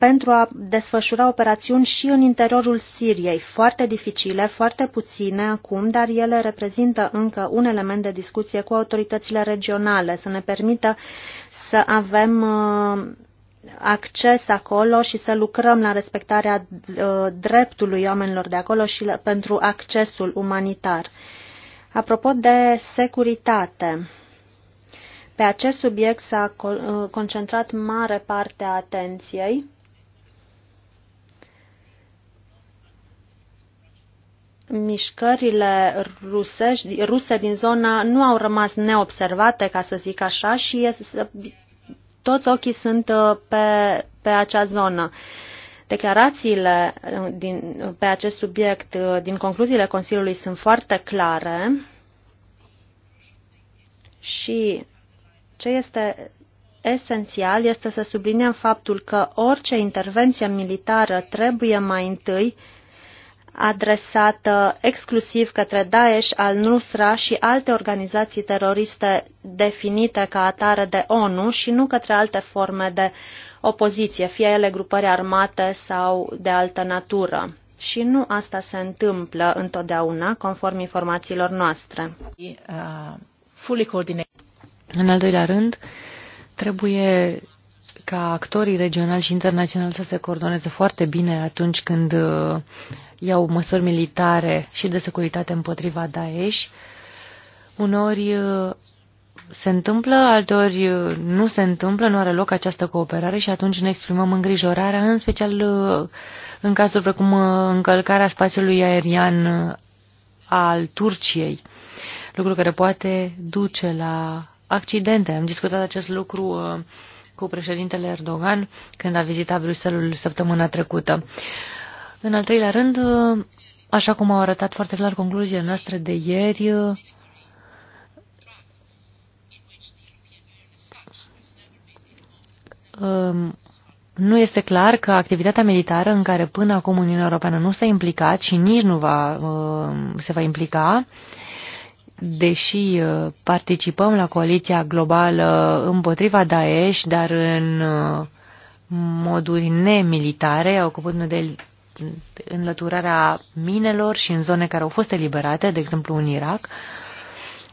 pentru a desfășura operațiuni și în interiorul Siriei, foarte dificile, foarte puține acum, dar ele reprezintă încă un element de discuție cu autoritățile regionale, să ne permită să avem uh, acces acolo și să lucrăm la respectarea uh, dreptului oamenilor de acolo și pentru accesul umanitar. Apropo de securitate, pe acest subiect s-a uh, concentrat mare parte a atenției mișcările rusești, ruse din zona nu au rămas neobservate, ca să zic așa, și este, toți ochii sunt uh, pe, pe acea zonă. Declarațiile uh, din, uh, pe acest subiect din concluziile Consiliului sunt foarte clare și ce este esențial este să subliniem faptul că orice intervenție militară trebuie mai întâi uh, adresată exclusiv către Daesh, al-Nusra și alte organizații teroriste definite ca atare de ONU și nu către alte forme de opoziție, fie ele grupări armate sau de altă natură. Și nu asta se întâmplă întotdeauna, conform informațiilor noastre. Uh, În al doilea rând, trebuie ca actorii regionali și internaționali să se coordoneze foarte bine atunci când uh, iau măsuri militare și de securitate împotriva Daesh. Uneori uh, se întâmplă, alteori uh, nu se întâmplă, nu are loc această cooperare și atunci ne exprimăm îngrijorarea, în special uh, în cazuri precum încălcarea spațiului aerian al Turciei, lucru care poate duce la accidente. Am discutat acest lucru cu președintele Erdogan când a vizitat Bruselul săptămâna trecută. În al treilea rând, așa cum au arătat foarte clar concluziile noastre de ieri, um, nu este clar că activitatea militară în care până acum Uniunea Europeană nu s-a implicat și nici nu va, um, se va implica, deși uh, participăm la coaliția globală împotriva Daesh, dar în uh, moduri nemilitare, ocupându-ne de înlăturarea minelor și în zone care au fost eliberate, de exemplu în Irak.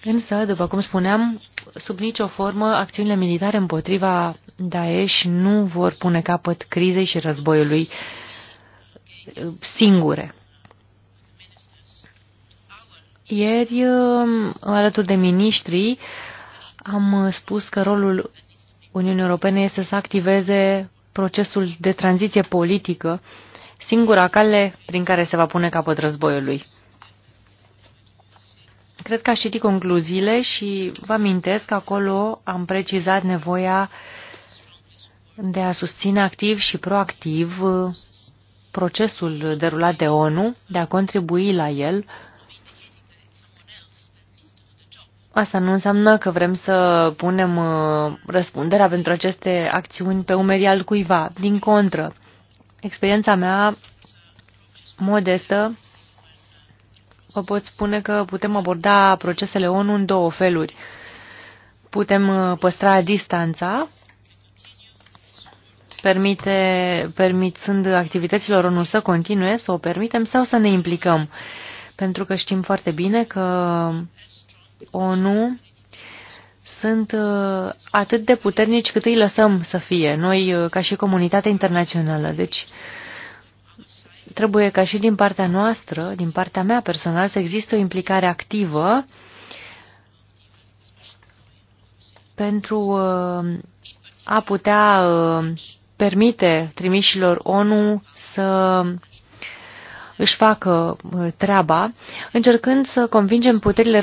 Însă, după cum spuneam, sub nicio formă, acțiunile militare împotriva Daesh nu vor pune capăt crizei și războiului uh, singure. Ieri, uh, alături de miniștrii, am spus că rolul Uniunii Europene este să activeze procesul de tranziție politică singura cale prin care se va pune capăt războiului. Cred că aș citi concluziile și vă amintesc că acolo am precizat nevoia de a susține activ și proactiv procesul derulat de ONU, de a contribui la el. Asta nu înseamnă că vrem să punem uh, răspunderea pentru aceste acțiuni pe umerii cuiva Din contră, experiența mea modestă, vă pot spune că putem aborda procesele ONU în două feluri. Putem uh, păstra distanța, permite, permițând activităților ONU să continue, să o permitem sau să ne implicăm. Pentru că știm foarte bine că ONU sunt uh, atât de puternici cât îi lăsăm să fie, noi uh, ca și comunitatea internațională. Deci trebuie ca și din partea noastră, din partea mea personal, să existe o implicare activă pentru uh, a putea permite trimișilor ONU să își facă uh, treaba, încercând să convingem puterile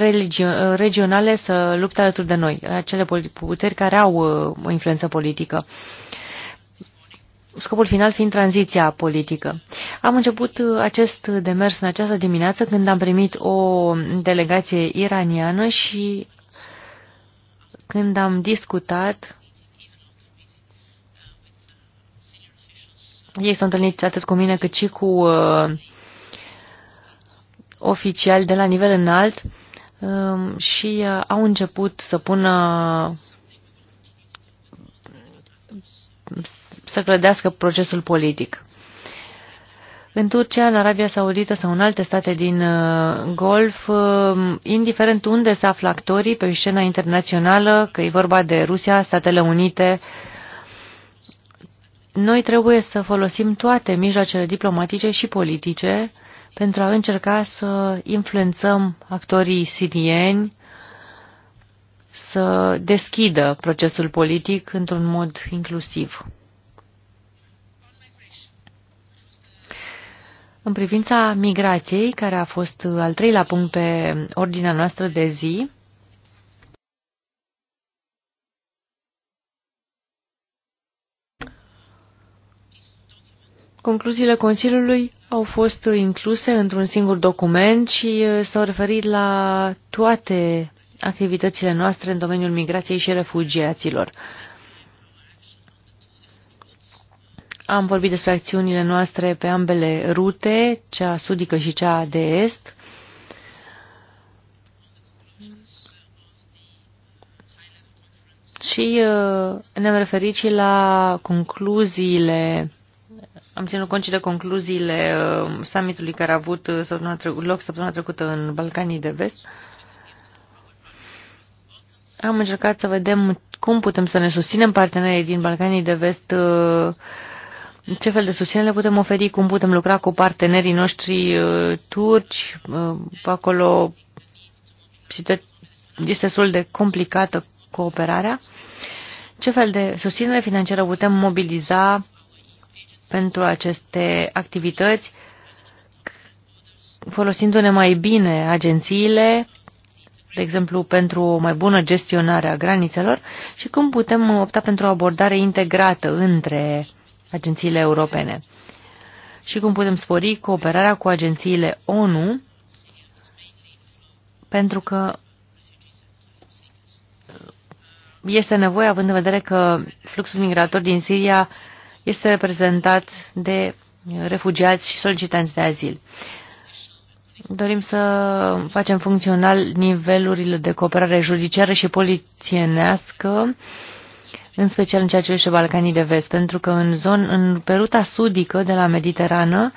regionale să lupte alături de noi, acele puteri care au uh, o influență politică scopul final fiind tranziția politică. Am început uh, acest demers în această dimineață când am primit o delegație iraniană și când am discutat ei s-au întâlnit atât cu mine cât și cu uh, oficiali de la nivel înalt um, și uh, au început să pună să clădească procesul politic. În Turcia, în Arabia Saudită sau în alte state din uh, Golf, um, indiferent unde se află actorii pe scena internațională, că e vorba de Rusia, Statele Unite, noi trebuie să folosim toate mijloacele diplomatice și politice pentru a încerca să influențăm actorii sirieni să deschidă procesul politic într-un mod inclusiv. În privința migrației, care a fost al treilea punct pe ordinea noastră de zi, Concluziile Consiliului au fost incluse într-un singur document și uh, s-au referit la toate activitățile noastre în domeniul migrației și refugiaților. Am vorbit despre acțiunile noastre pe ambele rute, cea sudică și cea de est. Și uh, ne-am referit și la concluziile am ținut cont și de concluziile uh, summitului care a avut uh, săptămâna loc săptămâna trecută în Balcanii de Vest. Am încercat să vedem cum putem să ne susținem partenerii din Balcanii de Vest, uh, ce fel de susținere putem oferi, cum putem lucra cu partenerii noștri turci. Acolo este destul de complicată cooperarea. Ce fel de susținere financiară putem mobiliza pentru aceste activități, folosindu-ne mai bine agențiile, de exemplu, pentru o mai bună gestionare a granițelor și cum putem opta pentru o abordare integrată între agențiile europene și cum putem spori cooperarea cu agențiile ONU, pentru că este nevoie, având în vedere că fluxul migrator din Siria este reprezentat de refugiați și solicitanți de azil. Dorim să facem funcțional nivelurile de cooperare judiciară și polițienească, în special în ceea ce privește Balcanii de Vest, pentru că în, zon, în peruta sudică de la Mediterană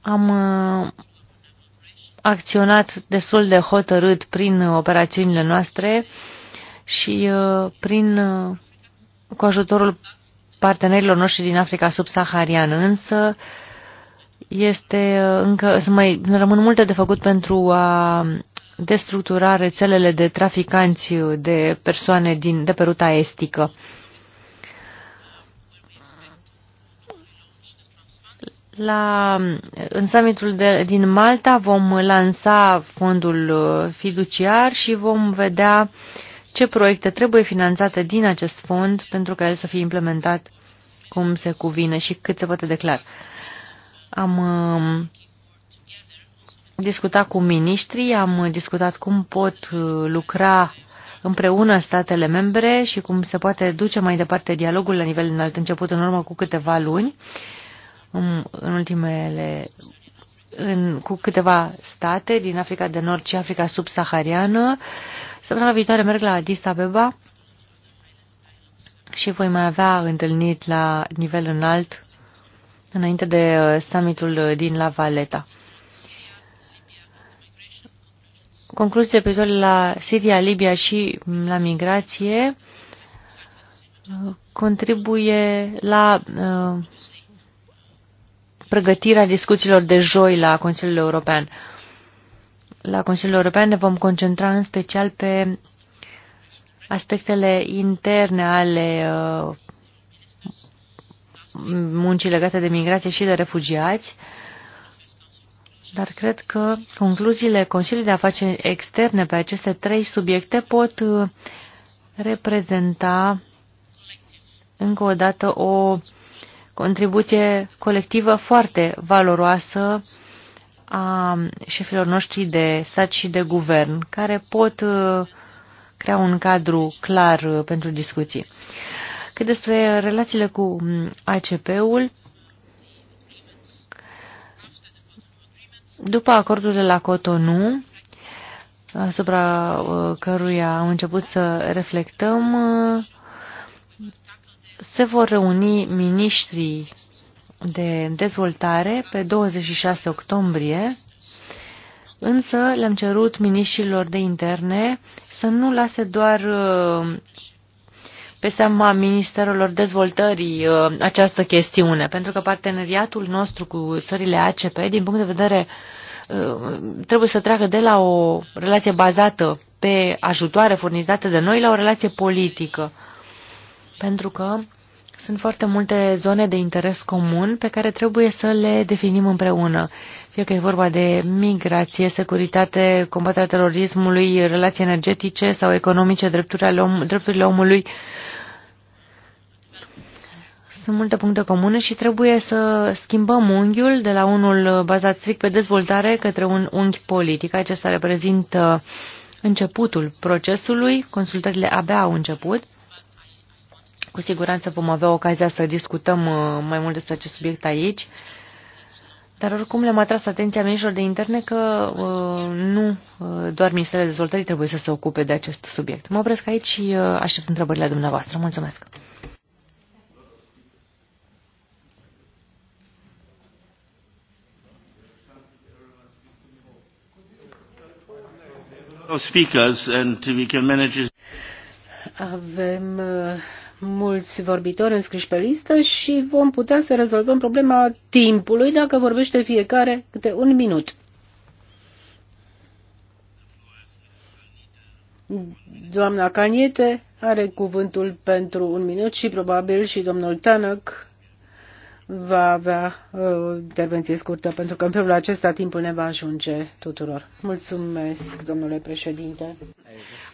am uh, acționat destul de hotărât prin operațiunile noastre și uh, prin uh, cu ajutorul partenerilor noștri din Africa subsahariană, însă este uh, încă, mai rămân multe de făcut pentru a destructura rețelele de traficanți de persoane din, de pe ruta estică. La, în summitul de, din Malta vom lansa fondul uh, fiduciar și vom vedea uh, ce proiecte trebuie finanțate din acest fond pentru ca el să fie implementat cum se cuvine și cât se poate declar. Am um, discutat cu miniștrii, am discutat cum pot uh, lucra împreună statele membre și cum se poate duce mai departe dialogul la nivel înalt început în urmă cu câteva luni, um, în ultimele, în, cu câteva state din Africa de Nord și Africa subsahariană, Săptămâna viitoare merg la Addis Abeba și voi mai avea întâlnit la nivel înalt înainte de uh, summitul uh, din La Valeta. Concluzie episodului la Siria, Libia și la migrație contribuie la uh, pregătirea discuțiilor de joi la Consiliul European la Consiliul European ne vom concentra în special pe aspectele interne ale uh, muncii legate de migrație și de refugiați, dar cred că concluziile Consiliului de Afaceri Externe pe aceste trei subiecte pot uh, reprezenta încă o dată o contribuție colectivă foarte valoroasă a șefilor noștri de stat și de guvern, care pot uh, crea un cadru clar uh, pentru discuții. Cât despre relațiile cu mm, ACP-ul, după acordul de la Cotonou, asupra uh, căruia am început să reflectăm, se vor reuni miniștrii de dezvoltare pe 26 octombrie, însă le-am cerut miniștrilor de interne să nu lase doar uh, pe seama Ministerelor Dezvoltării uh, această chestiune, pentru că parteneriatul nostru cu țările ACP, din punct de vedere, uh, trebuie să treacă de la o relație bazată pe ajutoare furnizate de noi la o relație politică. Pentru că sunt foarte multe zone de interes comun pe care trebuie să le definim împreună. Fie că e vorba de migrație, securitate, combaterea terorismului, relații energetice sau economice, drepturile, om, drepturile omului. Sunt multe puncte comune și trebuie să schimbăm unghiul de la unul bazat strict pe dezvoltare către un unghi politic. Acesta reprezintă începutul procesului, consultările abia au început cu siguranță vom avea ocazia să discutăm uh, mai mult despre acest subiect aici. Dar oricum le-am atras atenția ministrilor de interne că uh, nu uh, doar Ministerul Dezvoltării trebuie să se ocupe de acest subiect. Mă opresc aici și uh, aștept întrebările dumneavoastră. Mulțumesc! Avem uh, mulți vorbitori înscriși pe listă și vom putea să rezolvăm problema timpului dacă vorbește fiecare câte un minut. Doamna Caniete are cuvântul pentru un minut și probabil și domnul Tanăc va avea uh, o intervenție scurtă, pentru că în felul acesta timpul ne va ajunge tuturor. Mulțumesc, domnule președinte.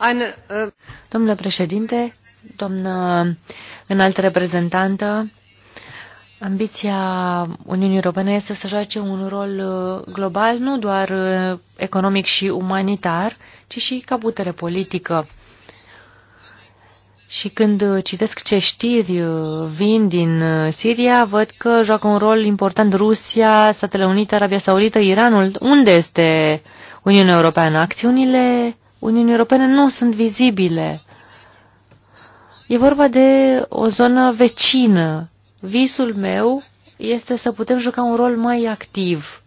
Uh, domnule președinte, doamnă înaltă reprezentantă. Ambiția Uniunii Europene este să joace un rol uh, global, nu doar uh, economic și umanitar, ci și ca putere politică. Și când uh, citesc ce știri vin din Siria, văd că joacă un rol important Rusia, Statele Unite, Arabia Saudită, Iranul. Unde este Uniunea Europeană? Acțiunile Uniunii Europene nu sunt vizibile. E vorba de o zonă vecină. Visul meu este să putem juca un rol mai activ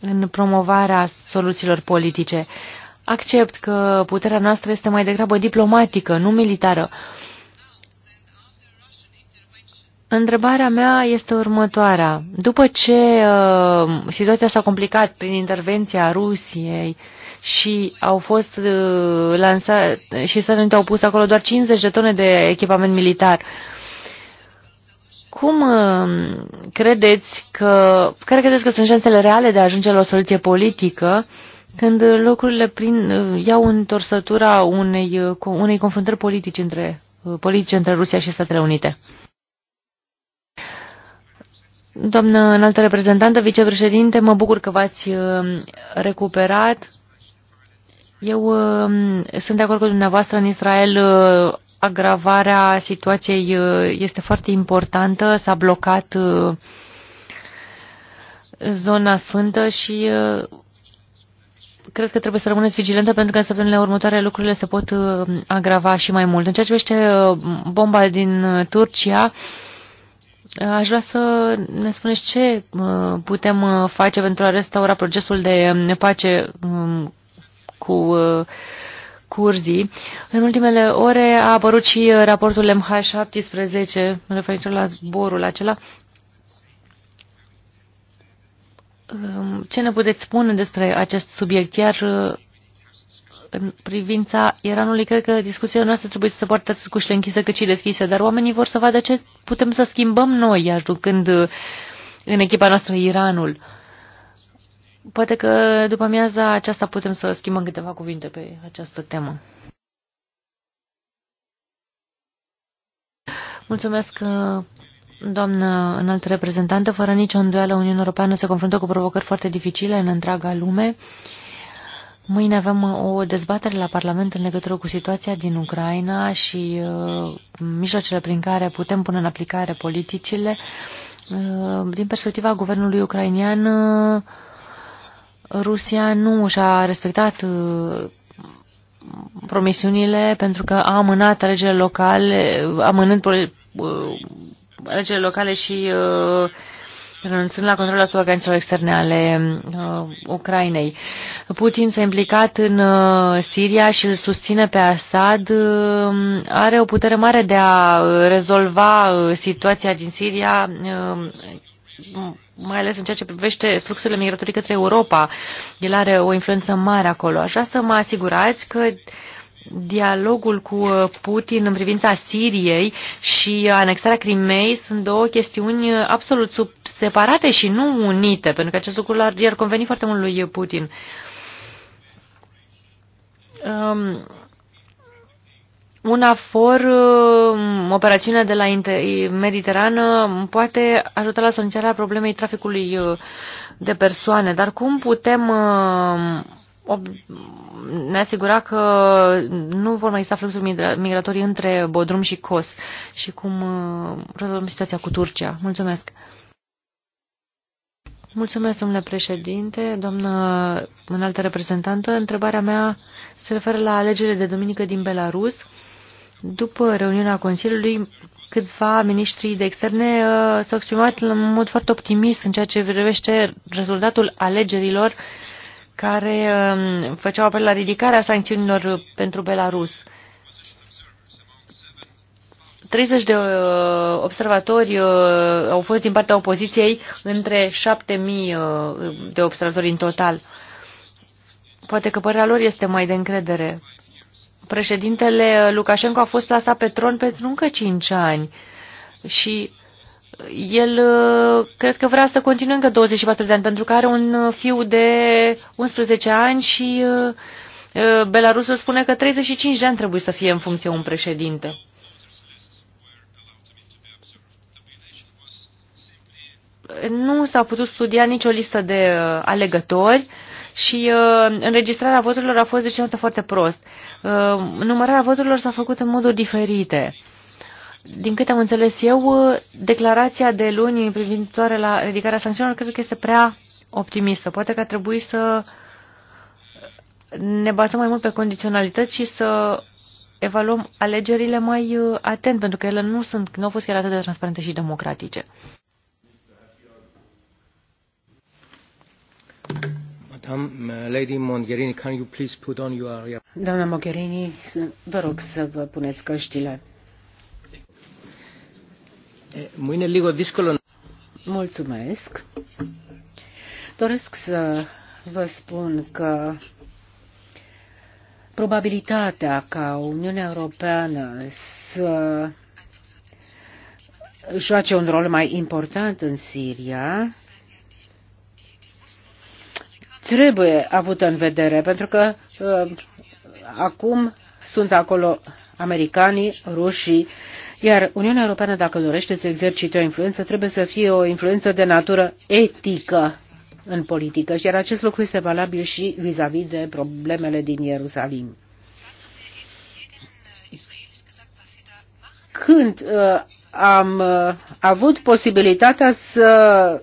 în promovarea soluțiilor politice. Accept că puterea noastră este mai degrabă diplomatică, nu militară. Întrebarea mea este următoarea. După ce uh, situația s-a complicat prin intervenția Rusiei, uh, și au fost uh, lansate și Statele Unite au pus acolo doar 50 de tone de echipament militar. Cum uh, credeți că, care credeți că sunt șansele reale de a ajunge la o soluție politică când lucrurile prin, uh, iau întorsătura unei, unei confruntări politice între, politice între Rusia și Statele Unite? Doamnă înaltă reprezentantă, vicepreședinte, mă bucur că v-ați recuperat eu um, sunt de acord cu dumneavoastră în Israel uh, agravarea situației uh, este foarte importantă. S-a blocat uh, zona sfântă și cred că trebuie să rămâneți vigilentă pentru că în săptămânile următoare lucrurile se pot agrava și mai mult. În ceea ce vește bomba din Turcia, aș vrea să ne spuneți ce putem face pentru a restaura procesul de um, pace um, cu uh, curzii. În ultimele ore a apărut și uh, raportul MH17 referitor la zborul acela. Um, ce ne puteți spune despre acest subiect? Iar uh, în privința Iranului, cred că discuția noastră trebuie să se poartă atât cu șle închise cât și deschise, dar oamenii vor să vadă ce putem să schimbăm noi, ajucând în echipa noastră Iranul. Poate că după amiaza aceasta putem să schimbăm câteva cuvinte pe această temă. Mulțumesc, doamnă înaltă reprezentantă. Fără nicio îndoială, Uniunea Europeană se confruntă cu provocări foarte dificile în întreaga lume. Mâine avem o dezbatere la Parlament în legătură cu situația din Ucraina și uh, mijloacele prin care putem pune în aplicare politicile. Uh, din perspectiva guvernului ucrainian, uh, Rusia nu și-a respectat uh, promisiunile pentru că a amânat alegerile locale, amânând uh, alegerile locale și uh, renunțând la controlul asupra granițelor externe ale uh, Ucrainei. Putin s-a implicat în uh, Siria și îl susține pe Assad. Uh, are o putere mare de a rezolva uh, situația din Siria uh, mai ales în ceea ce privește fluxurile migratorii către Europa. El are o influență mare acolo. Aș vrea să mă asigurați că dialogul cu uh, Putin în privința Siriei și anexarea Crimei sunt două chestiuni uh, absolut separate și nu unite, pentru că acest lucru ar, ar conveni foarte mult lui Putin. Um, un afor, uh, operațiunea de la Mediterană poate ajuta la soluționarea problemei traficului uh, de persoane, dar cum putem uh, ne asigura că nu vor mai sta fluxuri migratorii între Bodrum și Kos și cum rezolvăm situația cu Turcia. Mulțumesc! Mulțumesc, domnule președinte, doamnă înaltă reprezentantă. Întrebarea mea se referă la alegerile de duminică din Belarus. După reuniunea Consiliului, câțiva miniștri de externe uh, s-au exprimat în mod foarte optimist în ceea ce privește rezultatul alegerilor care uh, făceau apel la ridicarea sancțiunilor pentru Belarus. 30 de uh, observatori uh, au fost din partea opoziției între 7.000 uh, de observatori în total. Poate că părerea lor este mai de încredere președintele Lukashenko a fost plasat pe tron pentru încă cinci ani și el uh, cred că vrea să continue încă 24 de ani pentru că are un uh, fiu de 11 ani și uh, Belarusul spune că 35 de ani trebuie să fie în funcție un președinte. Nu s-a putut studia nicio listă de alegători și uh, înregistrarea voturilor a fost gestionată deci, foarte prost. Uh, numărarea voturilor s-a făcut în moduri diferite. Din câte am înțeles eu, uh, declarația de luni privitoare la ridicarea sancțiunilor cred că este prea optimistă. Poate că ar trebui să ne bazăm mai mult pe condiționalități și să evaluăm alegerile mai uh, atent, pentru că ele nu, sunt, nu au fost chiar atât de transparente și democratice. Doamna Mogherini, vă rog să vă puneți căștile. Eh, Mulțumesc. Doresc să vă spun că probabilitatea ca Uniunea Europeană să joace un rol mai important în Siria trebuie avut în vedere, pentru că uh, acum sunt acolo americanii, rușii, iar Uniunea Europeană, dacă dorește să exercite o influență, trebuie să fie o influență de natură etică în politică, iar acest lucru este valabil și vis-a-vis -vis de problemele din Ierusalim. Când uh, am uh, avut posibilitatea să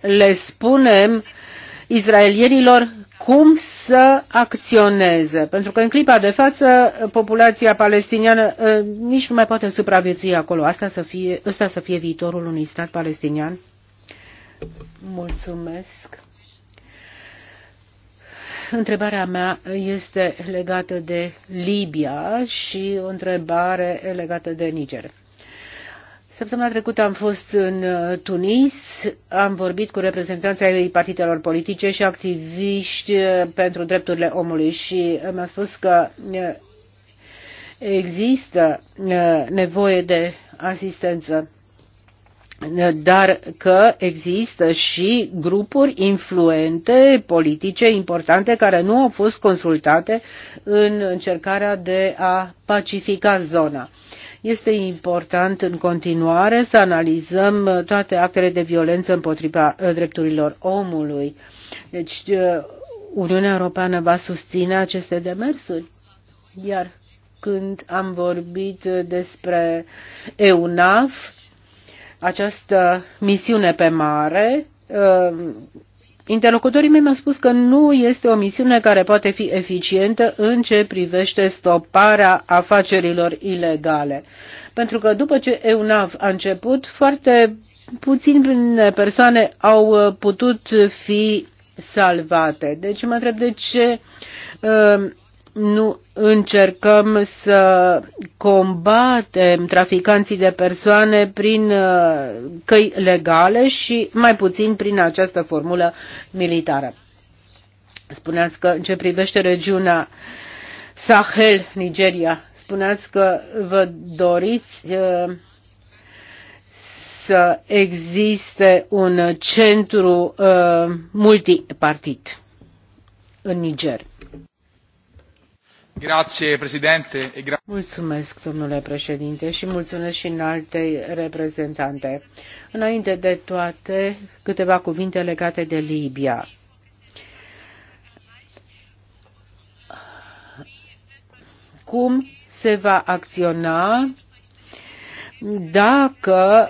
le spunem uh, israelienilor cum să acționeze, pentru că în clipa de față populația palestiniană ă, nici nu mai poate supraviețui acolo. Asta să fie, asta să fie viitorul unui stat palestinian? Mulțumesc. Întrebarea mea este legată de Libia și o întrebare legată de Niger. Săptămâna trecută am fost în uh, Tunis, am vorbit cu reprezentanții ai partidelor politice și activiști uh, pentru drepturile omului și mi-a spus că uh, există nevoie de asistență, dar că există și grupuri influente, politice, importante, care nu au fost consultate în încercarea de a pacifica zona. Este important în continuare să analizăm uh, toate actele de violență împotriva uh, drepturilor omului. Deci, uh, Uniunea Europeană va susține aceste demersuri. Iar când am vorbit despre EUNAV, această misiune pe mare, interlocutorii mei mi-au spus că nu este o misiune care poate fi eficientă în ce privește stoparea afacerilor ilegale. Pentru că după ce EUNAV a început, foarte puține persoane au uh, putut fi salvate. Deci mă întreb de ce uh, nu încercăm să combatem traficanții de persoane prin uh, căi legale și mai puțin prin această formulă militară. Spuneați că în ce privește regiunea Sahel, Nigeria, spuneați că vă doriți uh, să existe un centru uh, multipartit în Niger. Grazie, Mulțumesc, domnule președinte, și mulțumesc și în altei reprezentante. Înainte de toate, câteva cuvinte legate de Libia. Cum se va acționa dacă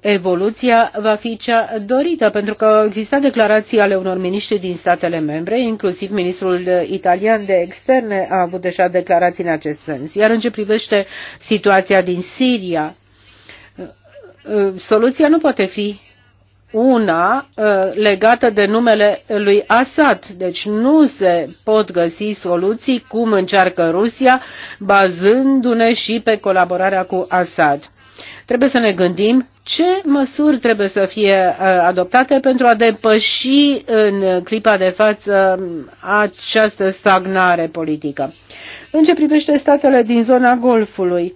evoluția va fi cea dorită, pentru că au existat declarații ale unor miniștri din statele membre, inclusiv ministrul italian de externe a avut deja declarații în acest sens. Iar în ce privește situația din Siria, soluția nu poate fi una legată de numele lui Assad. Deci nu se pot găsi soluții cum încearcă Rusia, bazându-ne și pe colaborarea cu Assad. Trebuie să ne gândim ce măsuri trebuie să fie uh, adoptate pentru a depăși în clipa de față um, această stagnare politică. În ce privește statele din zona Golfului,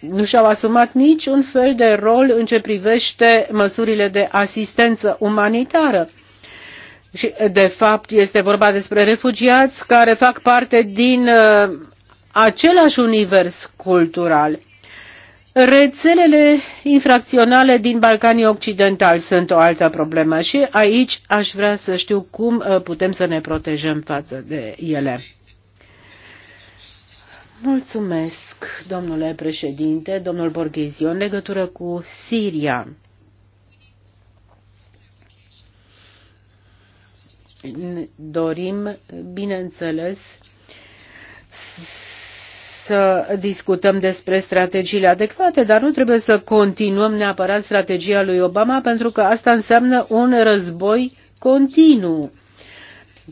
nu și-au asumat niciun fel de rol în ce privește măsurile de asistență umanitară. Și, de fapt, este vorba despre refugiați care fac parte din uh, același univers cultural. Rețelele infracționale din Balcanii Occidentali sunt o altă problemă și aici aș vrea să știu cum uh, putem să ne protejăm față de ele. Mulțumesc, domnule președinte, domnul Borghezio, în legătură cu Siria. Dorim, bineînțeles, să discutăm despre strategiile adecvate, dar nu trebuie să continuăm neapărat strategia lui Obama, pentru că asta înseamnă un război continuu.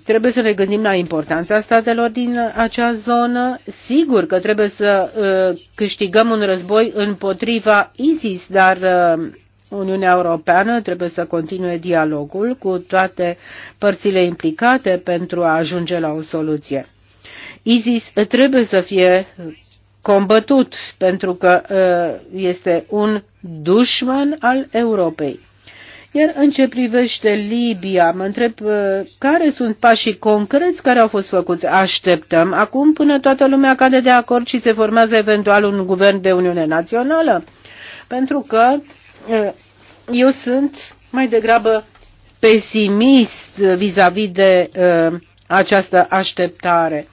Trebuie să ne gândim la importanța statelor din acea zonă. Sigur că trebuie să uh, câștigăm un război împotriva ISIS, dar uh, Uniunea Europeană trebuie să continue dialogul cu toate părțile implicate pentru a ajunge la o soluție. ISIS trebuie să fie combătut pentru că uh, este un dușman al Europei. Iar în ce privește Libia, mă întreb uh, care sunt pașii concreți care au fost făcuți. Așteptăm acum până toată lumea cade de acord și se formează eventual un guvern de Uniune Națională. Pentru că uh, eu sunt mai degrabă pesimist vis-a-vis -vis de această așteptare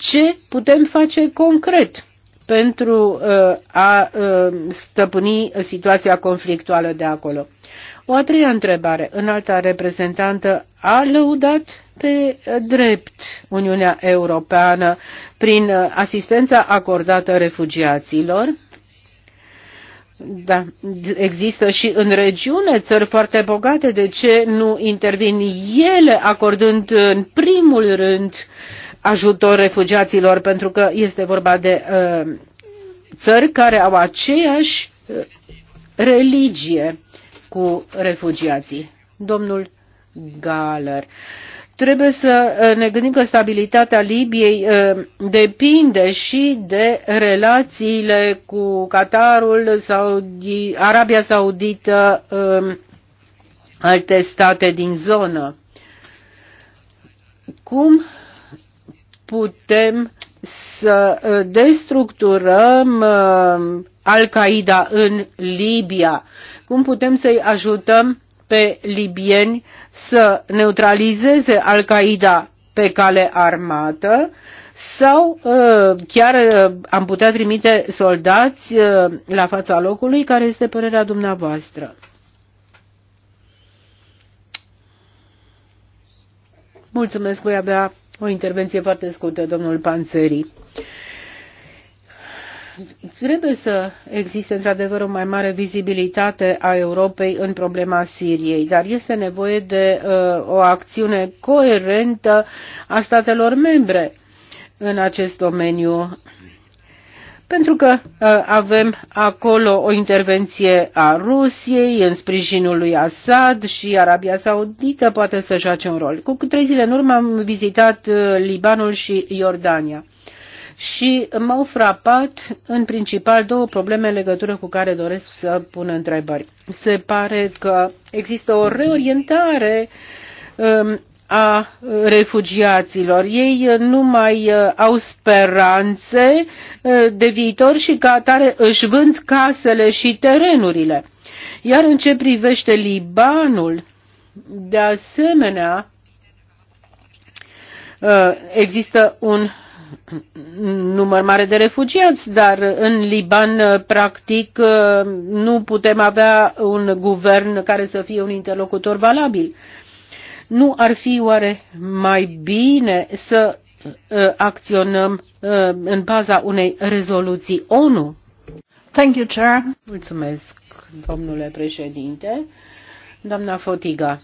ce putem face concret pentru uh, a uh, stăpâni situația conflictuală de acolo. O a treia întrebare. Înalta reprezentantă a lăudat pe drept Uniunea Europeană prin asistența acordată refugiaților. Da, există și în regiune țări foarte bogate. De ce nu intervin ele acordând în primul rând uh, ajutor refugiaților, pentru că este vorba de uh, țări care au aceeași uh, religie cu refugiații. Domnul Galer. Trebuie să uh, ne gândim că stabilitatea Libiei uh, depinde și de relațiile cu Qatarul, Saudi, Arabia Saudită, um, alte state din zonă. Cum putem să uh, destructurăm uh, Al-Qaeda în Libia? Cum putem să-i ajutăm pe libieni să neutralizeze Al-Qaeda pe cale armată sau uh, chiar am putea trimite soldați la fața locului? Care este părerea dumneavoastră? Mulțumesc, voi avea o intervenție foarte scurtă, domnul Panțeri. Trebuie să existe într-adevăr o mai mare vizibilitate a Europei în problema Siriei, dar este nevoie de uh, o acțiune coerentă a statelor membre în acest domeniu pentru că uh, avem acolo o intervenție a Rusiei în sprijinul lui Assad și Arabia Saudită poate să joace un rol. Cu trei zile în urmă am vizitat uh, Libanul și Iordania și m-au frapat în principal două probleme în legătură cu care doresc să pun întrebări. Se pare că există o reorientare um, a refugiaților. Ei uh, nu mai uh, au speranțe uh, de viitor și ca atare își vând casele și terenurile. Iar în ce privește Libanul, de asemenea, există un număr mare de refugiați, dar în Liban, practic, nu putem avea un guvern care să fie un interlocutor valabil. Nu ar fi oare mai bine să uh, acționăm uh, în baza unei rezoluții ONU? Thank you, Chair. Mulțumesc, domnule președinte. Doamna Fotiga,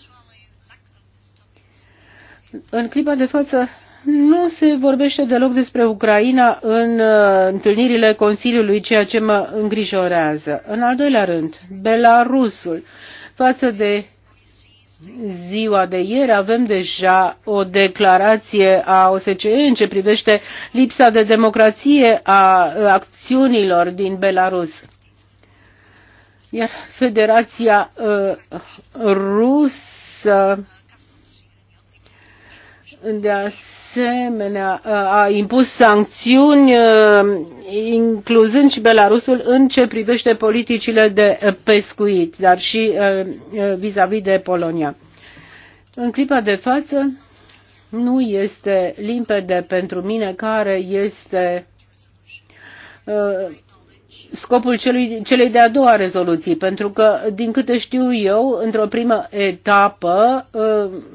în clipa de față nu se vorbește deloc despre Ucraina în uh, întâlnirile Consiliului, ceea ce mă îngrijorează. În al doilea rând, Belarusul. Față de ziua de ieri avem deja o declarație a OSCE în ce privește lipsa de democrație a acțiunilor din Belarus. Iar Federația uh, Rusă de asemenea a impus sancțiuni incluzând și Belarusul în ce privește politicile de pescuit, dar și vis-a-vis -vis de Polonia. În clipa de față nu este limpede pentru mine care este scopul celui, celei de-a doua rezoluții, pentru că, din câte știu eu, într-o primă etapă uh,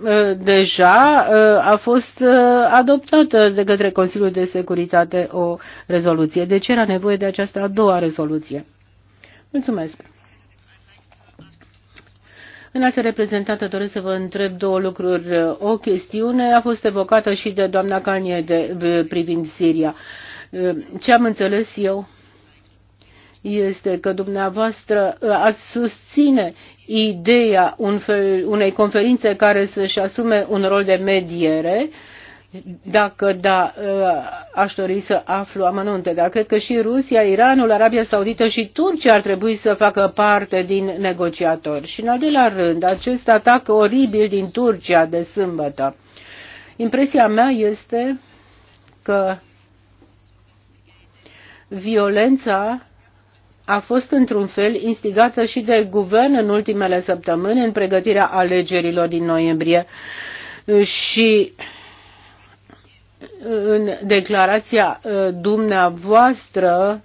uh, deja uh, a fost adoptată de către Consiliul de Securitate o rezoluție. Deci era nevoie de această a doua rezoluție. Mulțumesc! În altă reprezentantă doresc să vă întreb două lucruri. O chestiune a fost evocată și de doamna Canie de, privind Siria. Ce am înțeles eu este că dumneavoastră uh, ați susține ideea unei conferințe care să-și asume un rol de mediere. Dacă da, uh, aș dori să aflu amănunte, dar cred că și Rusia, Iranul, Arabia Saudită și Turcia ar trebui să facă parte din negociatori. Și în al doilea rând, acest atac oribil din Turcia de sâmbătă. Impresia mea este că violența a fost într-un fel instigată și de guvern în ultimele săptămâni în pregătirea alegerilor din noiembrie și în declarația uh, dumneavoastră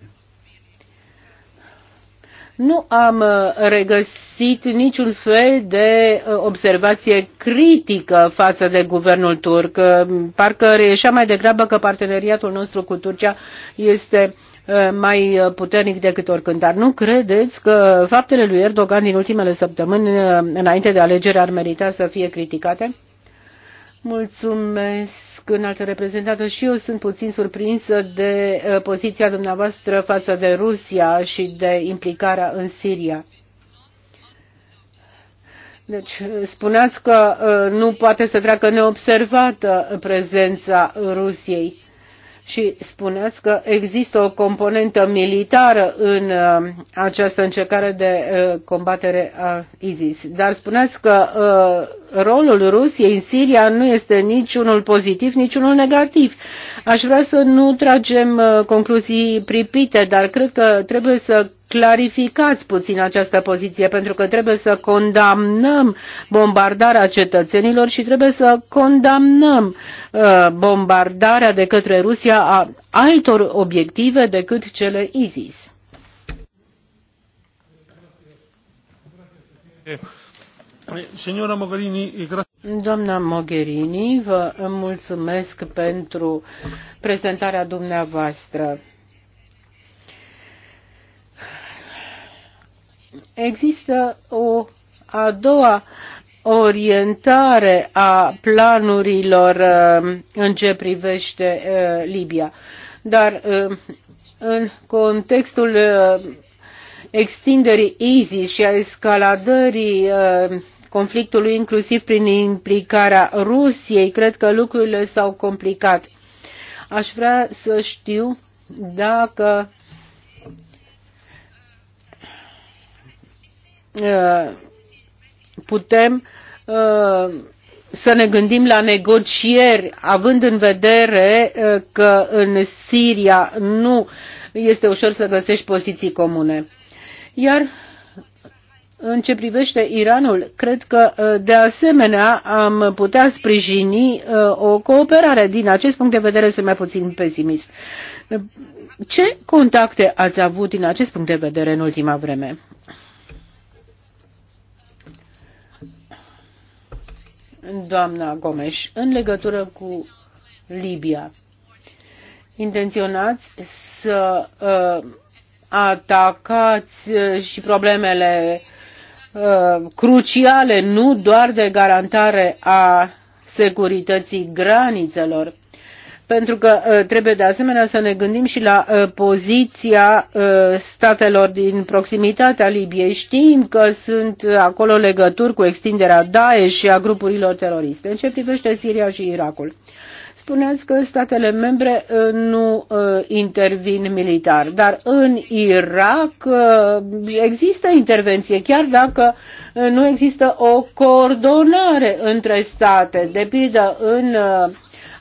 nu am uh, regăsit niciun fel de uh, observație critică față de guvernul turc. Parcă reieșea mai degrabă că parteneriatul nostru cu Turcia este Eh, mai eh, puternic decât oricând. Dar nu credeți că faptele lui Erdogan din ultimele săptămâni, eh, înainte de alegeri, ar merita să fie criticate? Mulțumesc, înaltă reprezentată. Și eu sunt puțin surprinsă de poziția dumneavoastră față de Rusia și de implicarea în Siria. Deci spuneați că nu poate să treacă neobservată prezența Rusiei și spuneați că există o componentă militară în uh, această încercare de uh, combatere a ISIS. Dar spuneați că uh, rolul Rusiei în Siria nu este niciunul pozitiv, niciunul negativ. Aș vrea să nu tragem concluzii pripite, dar cred că trebuie să clarificați puțin această poziție, pentru că trebuie să condamnăm bombardarea cetățenilor și trebuie să condamnăm uh, bombardarea de către Rusia a altor obiective decât cele ISIS. Doamna Mogherini, vă mulțumesc pentru prezentarea dumneavoastră. există o a doua orientare a planurilor uh, în ce privește uh, Libia. Dar uh, în contextul extinderii ISIS și a escaladării conflictului inclusiv prin implicarea Rusiei, cred că lucrurile s-au complicat. Aș vrea să știu dacă Uh, putem uh, să ne gândim la negocieri, având în vedere uh, că în Siria nu este ușor să găsești poziții comune. Iar în ce privește Iranul, cred că de asemenea am putea sprijini o cooperare. Din acest punct de vedere sunt mai puțin pesimist. Ce contacte ați avut din acest punct de vedere în ultima vreme? doamna Gomes în legătură cu Libia. Intenționați să uh, atacați uh, și problemele uh, cruciale, nu doar de garantare a securității granițelor, pentru că uh, trebuie de asemenea să ne gândim și la uh, poziția uh, statelor din proximitatea Libiei. Știm că sunt acolo legături cu extinderea Daesh și a grupurilor teroriste. În ce privește Siria și Irakul? Spuneați că statele membre nu intervin militar, dar în Irak există intervenție, chiar dacă nu există o coordonare între state. De pildă, în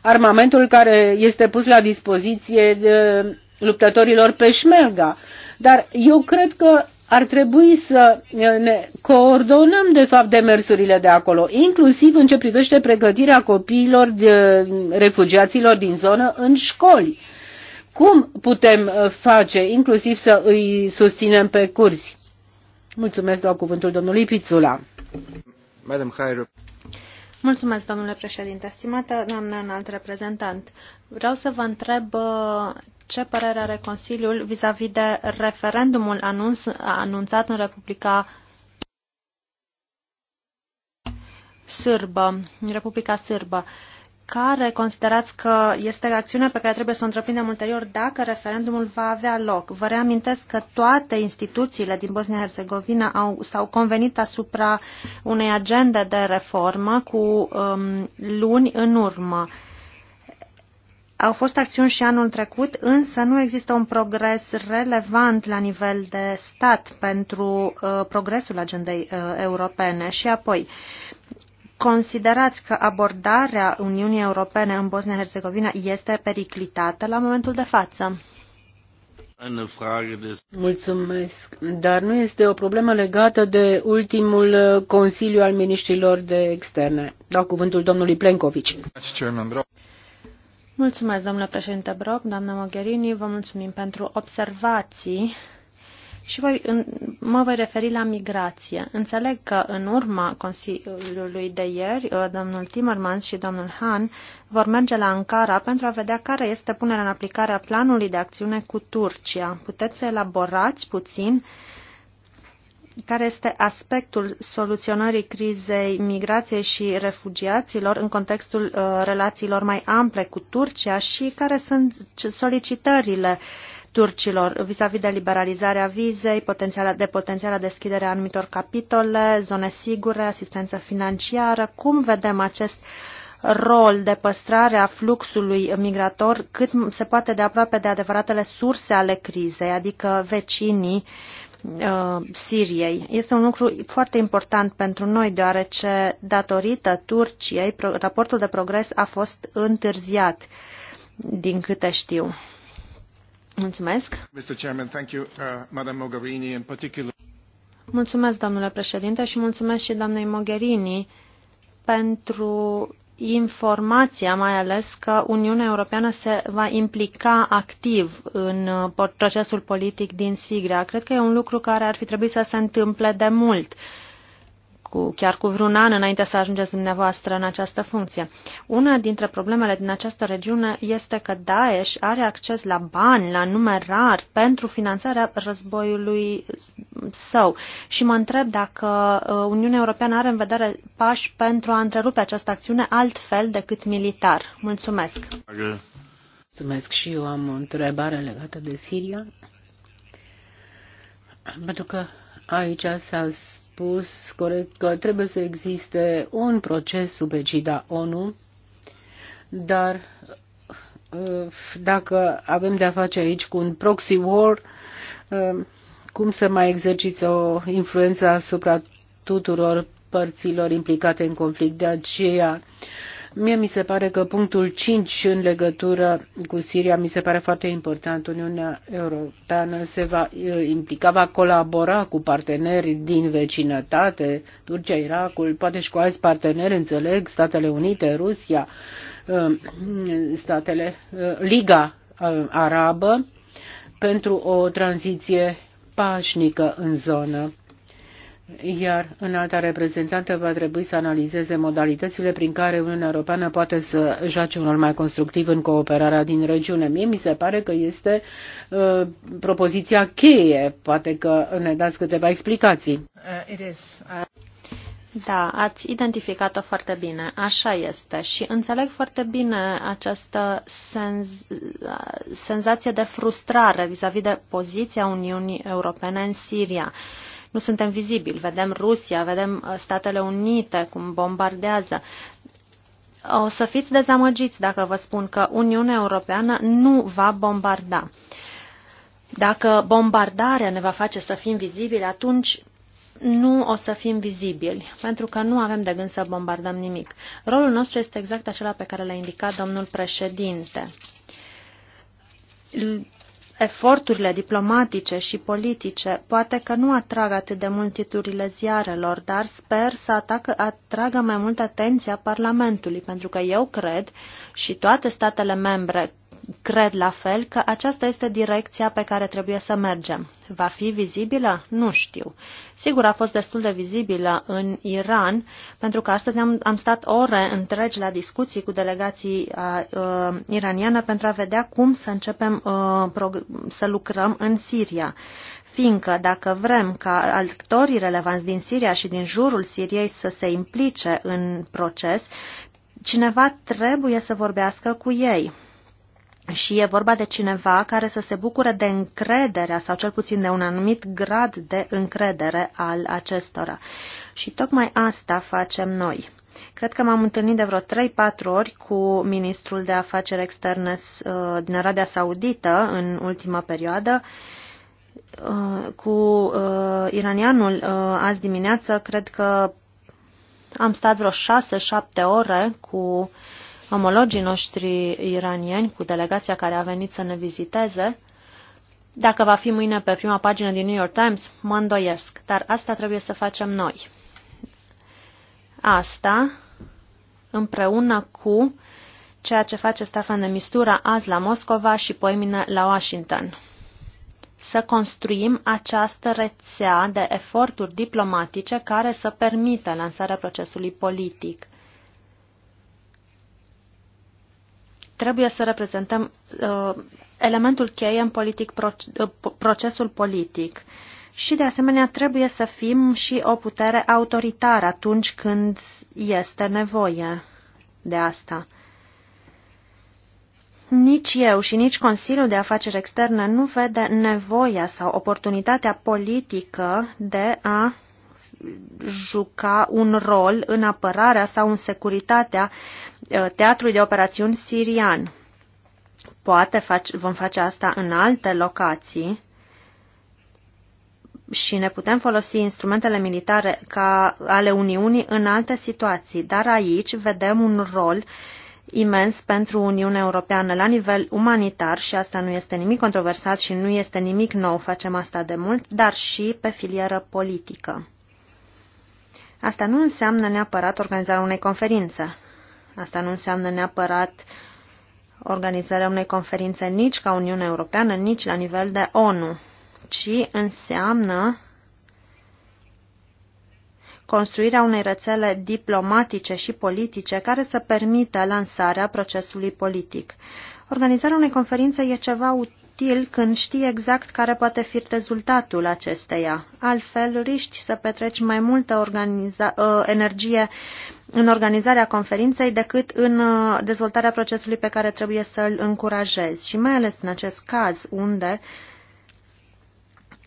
armamentul care este pus la dispoziție de luptătorilor pe șmelga. Dar eu cred că ar trebui să ne coordonăm, de fapt, demersurile de acolo, inclusiv în ce privește pregătirea copiilor de refugiaților din zonă în școli. Cum putem face, inclusiv să îi susținem pe cursi? Mulțumesc, dau cuvântul domnului Pițula. Madam Mulțumesc, domnule președinte. Stimată doamnă înalt reprezentant, vreau să vă întreb uh, ce părere are Consiliul vis-a-vis de referendumul anunț, anunțat în Republica Sârbă, Republica Sârbă. Uh, care considerați că este acțiunea pe care trebuie să o întreprindem ulterior dacă referendumul va avea loc? Vă reamintesc că toate instituțiile din Bosnia-Herzegovina s-au convenit asupra unei agende de reformă cu um, luni în urmă. Au fost acțiuni și anul trecut, însă nu există un progres relevant la nivel de stat pentru uh, progresul agendei uh, europene. Și apoi, Considerați că abordarea Uniunii Europene în Bosnia-Herzegovina este periclitată la momentul de față? Mulțumesc, dar nu este o problemă legată de ultimul uh, Consiliu al Ministrilor de Externe. Dau cuvântul domnului Plenkovici. Mulțumesc, domnule președinte Brock, doamnă Mogherini, vă mulțumim pentru observații și voi, în, mă voi referi la migrație. Înțeleg că în urma Consiliului de ieri, uh, domnul Timmermans și domnul Han vor merge la Ankara pentru a vedea care este punerea în aplicare a planului de acțiune cu Turcia. Puteți să elaborați puțin care este aspectul soluționării crizei migrației și refugiaților în contextul uh, relațiilor mai ample cu Turcia și care sunt solicitările uh, turcilor vis-a-vis -vis de liberalizarea vizei, potențiala, de potențiala deschidere a anumitor capitole, zone sigure, asistență financiară. Cum vedem acest rol de păstrare a fluxului migrator cât se poate de aproape de adevăratele surse ale crizei, adică vecinii uh, Siriei. Este un lucru foarte important pentru noi, deoarece, datorită Turciei, raportul de progres a fost întârziat, din câte știu. Mulțumesc. Mr. Chairman, thank you, uh, Madam Mogherini in particular. Mulțumesc, domnule președinte, și mulțumesc și doamnei Mogherini pentru informația, mai ales că Uniunea Europeană se va implica activ în uh, procesul politic din Siria. Cred că e un lucru care ar fi trebuit să se întâmple de mult. Uh, cu, chiar cu vreun an înainte să ajungeți dumneavoastră în această funcție. Una dintre problemele din această regiune este că Daesh are acces la bani, la nume rar, pentru finanțarea războiului său. Și mă întreb dacă uh, Uniunea Europeană are în vedere pași pentru a întrerupe această acțiune altfel decât militar. Mulțumesc! Mulțumesc și eu am o întrebare legată de Siria. Pentru că aici s-a spus corect că trebuie să existe un proces sub egida ONU, dar uh, dacă avem de-a face aici cu un proxy war, uh, cum să mai exerciți o influență asupra tuturor părților implicate în conflict? De aceea, Mie mi se pare că punctul 5 în legătură cu Siria mi se pare foarte important. Uniunea Europeană se va implica, va colabora cu parteneri din vecinătate, Turcia, Irakul, poate și cu alți parteneri, înțeleg, Statele Unite, Rusia, statele, Liga Arabă, pentru o tranziție pașnică în zonă iar înalta reprezentantă va trebui să analizeze modalitățile prin care Uniunea Europeană poate să joace un rol mai constructiv în cooperarea din regiune. Mie mi se pare că este uh, propoziția cheie, poate că ne dați câteva explicații. Uh, da, ați identificat-o foarte bine. Așa este. Și înțeleg foarte bine această senz- uh, senzație de frustrare vis-a-vis -vis de poziția Uniunii Europene în Siria. Uh, nu suntem vizibili. Vedem Rusia, vedem uh, Statele Unite cum bombardează. O să fiți dezamăgiți dacă vă spun că Uniunea Europeană nu va bombarda. Dacă bombardarea ne va face să fim vizibili, atunci nu o să fim vizibili, pentru că nu avem de gând să bombardăm nimic. Rolul nostru este exact acela pe care l-a indicat domnul președinte eforturile diplomatice și politice poate că nu atrag atât de mult ziarelor, dar sper să atacă, atragă mai mult atenția Parlamentului, pentru că eu cred și toate statele membre cred la fel că aceasta este direcția pe care trebuie să mergem. Va fi vizibilă? Nu știu. Sigur, a fost destul de vizibilă în Iran, pentru că astăzi am, am stat ore întregi la discuții cu delegații uh, iraniană pentru a vedea cum să începem uh, să lucrăm în Siria fiindcă dacă vrem ca actorii relevanți din Siria și din jurul Siriei să se implice în proces, cineva trebuie să vorbească cu ei și e vorba de cineva care să se bucure de încrederea sau cel puțin de un anumit grad de încredere al acestora. Și tocmai asta facem noi. Cred că m-am întâlnit de vreo 3-4 ori cu ministrul de afaceri externe uh, din Arabia Saudită în ultima perioadă. Uh, cu uh, iranianul azi dimineață, cred că am stat vreo 6-7 ore cu uh, omologii noștri iranieni cu delegația care a venit să ne viziteze. Dacă va fi mâine pe prima pagină din New York Times, mă îndoiesc, dar asta trebuie să facem noi. Asta împreună cu ceea ce face Stefan de Mistura azi la Moscova și poimine la Washington. Să construim această rețea de eforturi diplomatice care să permită lansarea procesului politic. trebuie să reprezentăm uh, elementul cheie în politic, uh, procesul politic. Și, de asemenea, trebuie să fim și o putere autoritară atunci când este nevoie de asta. Nici eu și nici Consiliul de Afaceri Externe nu vede nevoia sau oportunitatea politică de a juca un rol în apărarea sau în securitatea uh, teatrului de operațiuni sirian. Poate face, vom face asta în alte locații și ne putem folosi instrumentele militare ca ale Uniunii în alte situații, dar aici vedem un rol imens pentru Uniunea Europeană la nivel umanitar și asta nu este nimic controversat și nu este nimic nou, facem asta de mult, dar și pe filieră politică. Asta nu înseamnă neapărat organizarea unei conferințe. Asta nu înseamnă neapărat organizarea unei conferințe nici ca Uniunea Europeană, nici la nivel de ONU, ci înseamnă construirea unei rețele diplomatice și politice care să permită lansarea procesului politic. Organizarea unei conferințe e ceva subtil când știi exact care poate fi rezultatul acesteia. Altfel, riști să petreci mai multă uh, energie în organizarea conferinței decât în uh, dezvoltarea procesului pe care trebuie să-l încurajezi. Și mai ales în acest caz unde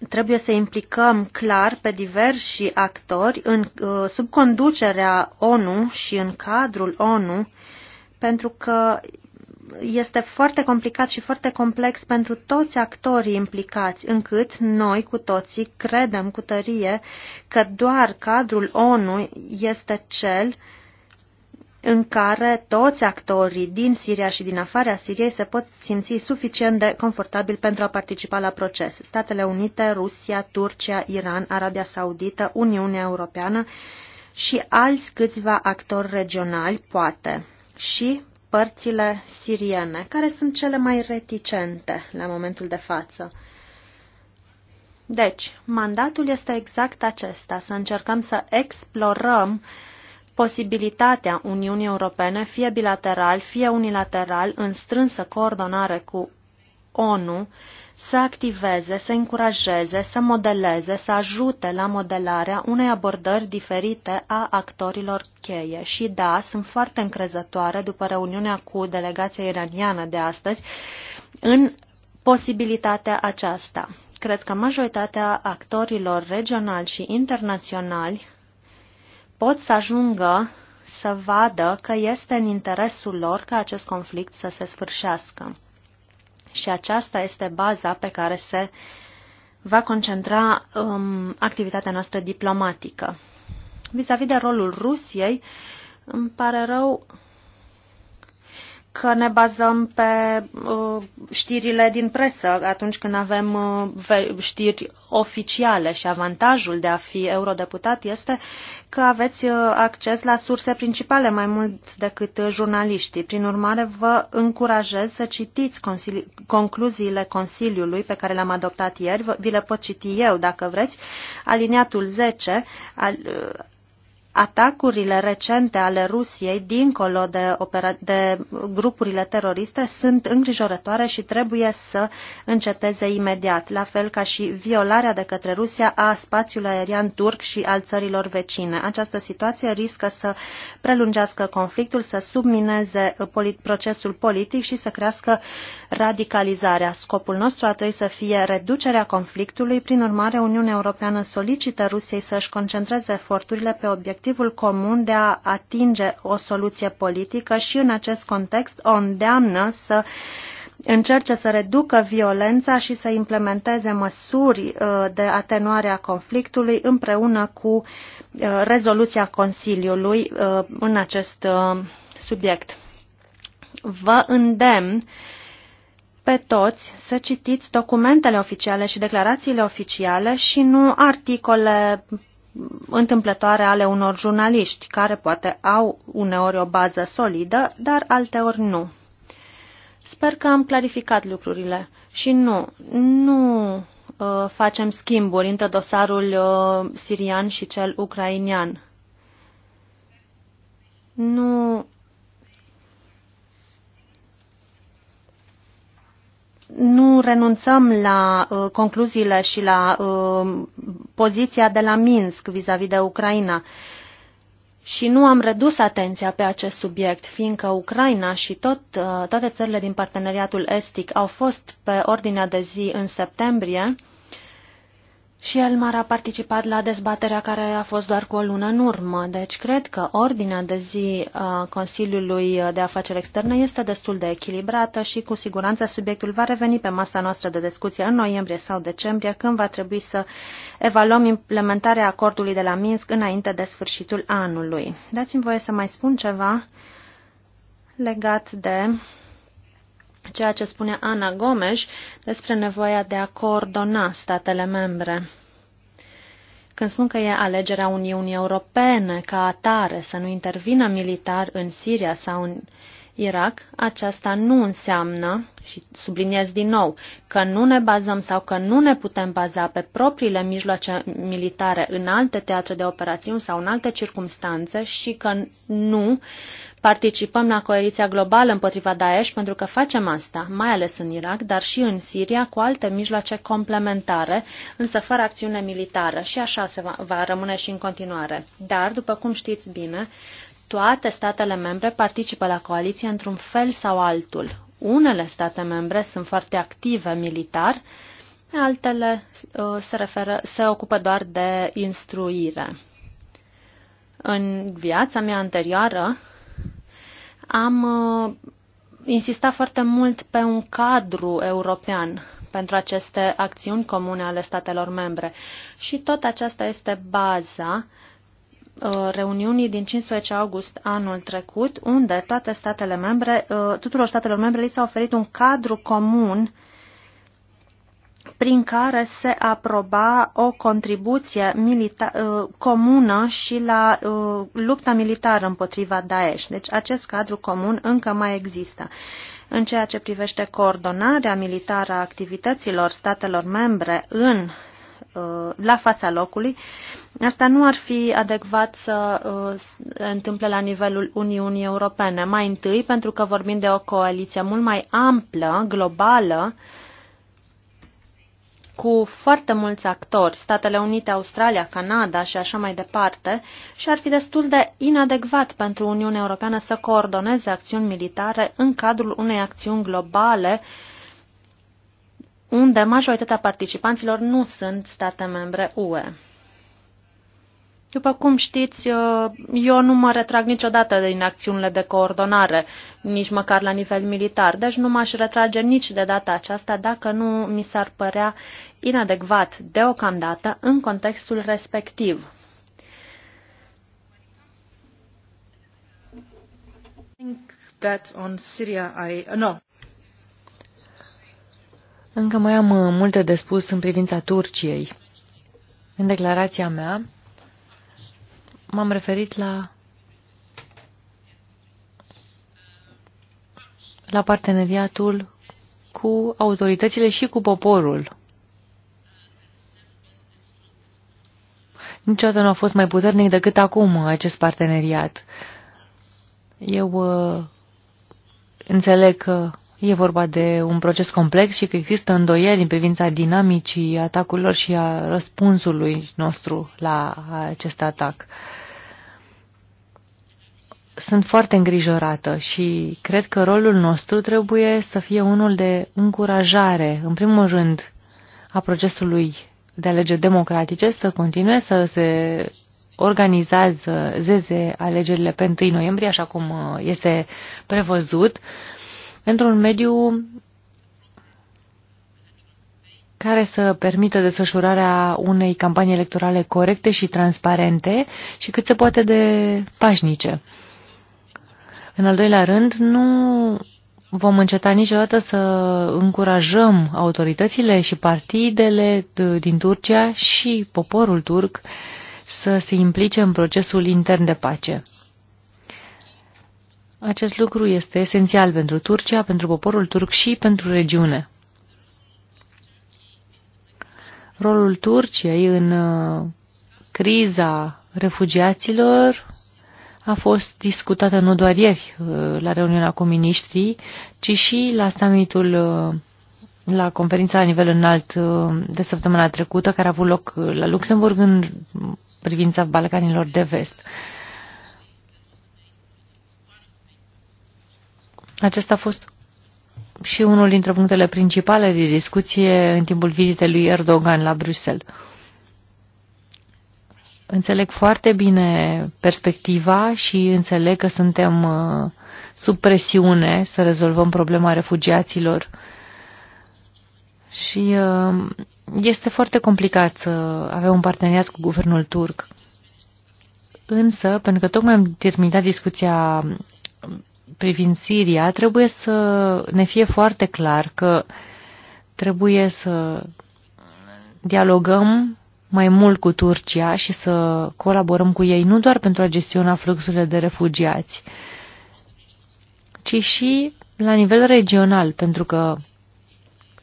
trebuie să implicăm clar pe diversi actori în, uh, sub conducerea ONU și în cadrul ONU, pentru că este foarte complicat și foarte complex pentru toți actorii implicați, încât noi cu toții credem cu tărie că doar cadrul ONU este cel în care toți actorii din Siria și din afara Siriei se pot simți suficient de confortabil pentru a participa la proces. Statele Unite, Rusia, Turcia, Iran, Arabia Saudită, Uniunea Europeană și alți câțiva actori regionali, poate. Și părțile siriene, care sunt cele mai reticente la momentul de față. Deci, mandatul este exact acesta, să încercăm să explorăm posibilitatea Uniunii Europene, fie bilateral, fie unilateral, în strânsă coordonare cu ONU, să activeze, să încurajeze, să modeleze, să ajute la modelarea unei abordări diferite a actorilor cheie. Și da, sunt foarte încrezătoare după reuniunea cu delegația iraniană de astăzi în posibilitatea aceasta. Cred că majoritatea actorilor regionali și internaționali pot să ajungă să vadă că este în interesul lor ca acest conflict să se sfârșească și aceasta este baza pe care se va concentra um, activitatea noastră diplomatică. Vis-a-vis -vis de rolul Rusiei, îmi pare rău, că ne bazăm pe uh, știrile din presă atunci când avem uh, știri oficiale și avantajul de a fi eurodeputat este că aveți uh, acces la surse principale mai mult decât uh, jurnaliștii. Prin urmare, vă încurajez să citiți consili- concluziile Consiliului pe care le-am adoptat ieri. Vi le pot citi eu dacă vreți. Aliniatul 10 al, uh, Atacurile recente ale Rusiei, dincolo de, de grupurile teroriste, sunt îngrijorătoare și trebuie să înceteze imediat, la fel ca și violarea de către Rusia a spațiului aerian turc și al țărilor vecine. Această situație riscă să prelungească conflictul, să submineze polit procesul politic și să crească radicalizarea. Scopul nostru ar trebui să fie reducerea conflictului, prin urmare Uniunea Europeană solicită Rusiei să-și concentreze eforturile pe obiective obiectivul comun de a atinge o soluție politică și în acest context o îndeamnă să încerce să reducă violența și să implementeze măsuri uh, de atenuare a conflictului împreună cu uh, rezoluția Consiliului uh, în acest subiect. Vă îndemn pe toți să citiți documentele oficiale și declarațiile oficiale și nu articole întâmplătoare ale unor jurnaliști, care poate au uneori o bază solidă, dar alteori nu. Sper că am clarificat lucrurile și nu, nu uh, facem schimburi între dosarul uh, sirian și cel ucrainian. Nu nu renunțăm la uh, concluziile și la uh, poziția de la Minsk vis-a-vis -vis de Ucraina. Și nu am redus atenția pe acest subiect, fiindcă Ucraina și tot, uh, toate țările din parteneriatul estic au fost pe ordinea de zi în septembrie, uh, și Elmar a participat la dezbaterea care a fost doar cu o lună în urmă, deci cred că ordinea de zi a Consiliului de Afaceri Externe este destul de echilibrată și cu siguranță subiectul va reveni pe masa noastră de discuție în noiembrie sau decembrie, când va trebui să evaluăm implementarea acordului de la Minsk înainte de sfârșitul anului. Dați-mi voie să mai spun ceva legat de ceea ce spune Ana Gomes despre nevoia de a coordona statele membre. Când spun că e alegerea Uniunii Europene ca atare să nu intervină militar în Siria sau în Irak, aceasta nu înseamnă, și subliniez din nou, că nu ne bazăm sau că nu ne putem baza pe propriile mijloace militare în alte teatre de operațiuni sau în alte circumstanțe și că nu participăm la coaliția globală împotriva Daesh pentru că facem asta, mai ales în Irak, dar și în Siria, cu alte mijloace complementare, însă fără acțiune militară. Și așa se va, va rămâne și în continuare. Dar, după cum știți bine, toate statele membre participă la coaliție într-un fel sau altul. Unele state membre sunt foarte active militar, altele uh, se, referă, se ocupă doar de instruire. În viața mea anterioară am uh, insistat foarte mult pe un cadru european pentru aceste acțiuni comune ale statelor membre și tot aceasta este baza uh, Uh, reuniunii din 15 august anul trecut, unde toate statele membre, uh, tuturor statelor membre li s-a oferit un cadru comun prin care se aproba o contribuție uh, comună și la lupta militară împotriva Daesh. Deci acest cadru comun încă mai există. În ceea ce privește coordonarea militară a activităților statelor membre în Uh, la fața locului. Asta nu ar fi adecvat să uh, se întâmple la nivelul Uniunii Europene. Mai întâi, pentru că vorbim de o coaliție mult mai amplă, globală, cu foarte mulți actori, Statele Unite, Australia, Canada și așa mai departe, și ar fi destul de inadecvat pentru Uniunea Europeană să coordoneze acțiuni militare în cadrul unei acțiuni globale uh, unde majoritatea participanților nu sunt state membre UE. După cum știți, eu nu mă retrag niciodată din acțiunile de coordonare, nici măcar la nivel militar, deci nu m-aș retrage nici de data aceasta dacă nu mi s-ar părea inadecvat deocamdată în contextul respectiv. That on Syria I, no, încă mai am uh, multe de spus în privința Turciei. În declarația mea m-am referit la la parteneriatul cu autoritățile și cu poporul. Niciodată nu a fost mai puternic decât acum acest parteneriat. Eu uh, înțeleg că e vorba de un proces complex și că există îndoieli în privința dinamicii atacurilor și a răspunsului nostru la acest atac. Sunt foarte îngrijorată și cred că rolul nostru trebuie să fie unul de încurajare, în primul rând, a procesului de alegeri democratice să continue să se organizează zeze alegerile pe 1 noiembrie, așa cum uh, este prevăzut, într-un mediu care să permită desfășurarea unei campanii electorale corecte și transparente și cât se poate de pașnice. În al doilea rând, nu vom înceta niciodată să încurajăm autoritățile și partidele din Turcia și poporul turc să se implice în procesul intern de pace. Acest lucru este esențial pentru Turcia, pentru poporul turc și pentru regiune. Rolul Turciei în uh, criza refugiaților a fost discutată nu doar ieri uh, la reuniunea cu miniștrii, ci și la summitul uh, la conferința la nivel înalt de săptămâna trecută, care a avut loc la Luxemburg în privința Balcanilor de Vest. Acesta a fost și unul dintre punctele principale de discuție în timpul vizitei lui Erdogan la Bruxelles. Înțeleg foarte bine perspectiva și înțeleg că suntem uh, sub presiune să rezolvăm problema refugiaților. Și uh, este foarte complicat să avem un parteneriat cu guvernul turc. Însă, pentru că tocmai am terminat discuția privind Siria, trebuie să ne fie foarte clar că trebuie să dialogăm mai mult cu Turcia și să colaborăm cu ei nu doar pentru a gestiona fluxurile de refugiați, ci și la nivel regional, pentru că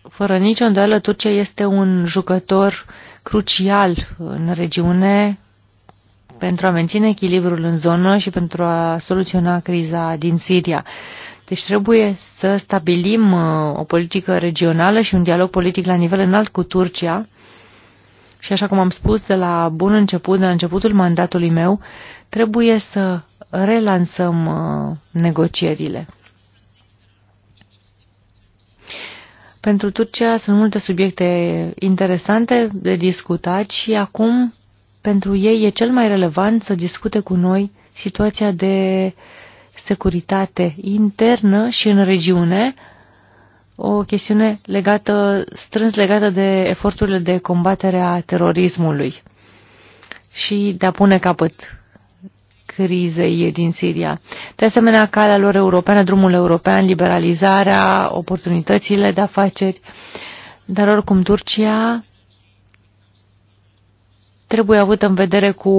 fără nicio îndoială Turcia este un jucător crucial în regiune pentru a menține echilibrul în zonă și pentru a soluționa criza din Siria. Deci trebuie să stabilim uh, o politică regională și un dialog politic la nivel înalt cu Turcia. Și așa cum am spus de la bun început, de la începutul mandatului meu, trebuie să relansăm uh, negocierile. Pentru Turcia sunt multe subiecte interesante de discutat și acum pentru ei e cel mai relevant să discute cu noi situația de securitate internă și în regiune, o chestiune legată, strâns legată de eforturile de combatere a terorismului și de a pune capăt crizei din Siria. De asemenea, calea lor europeană, drumul european, liberalizarea, oportunitățile de afaceri, dar oricum Turcia trebuie avut în vedere cu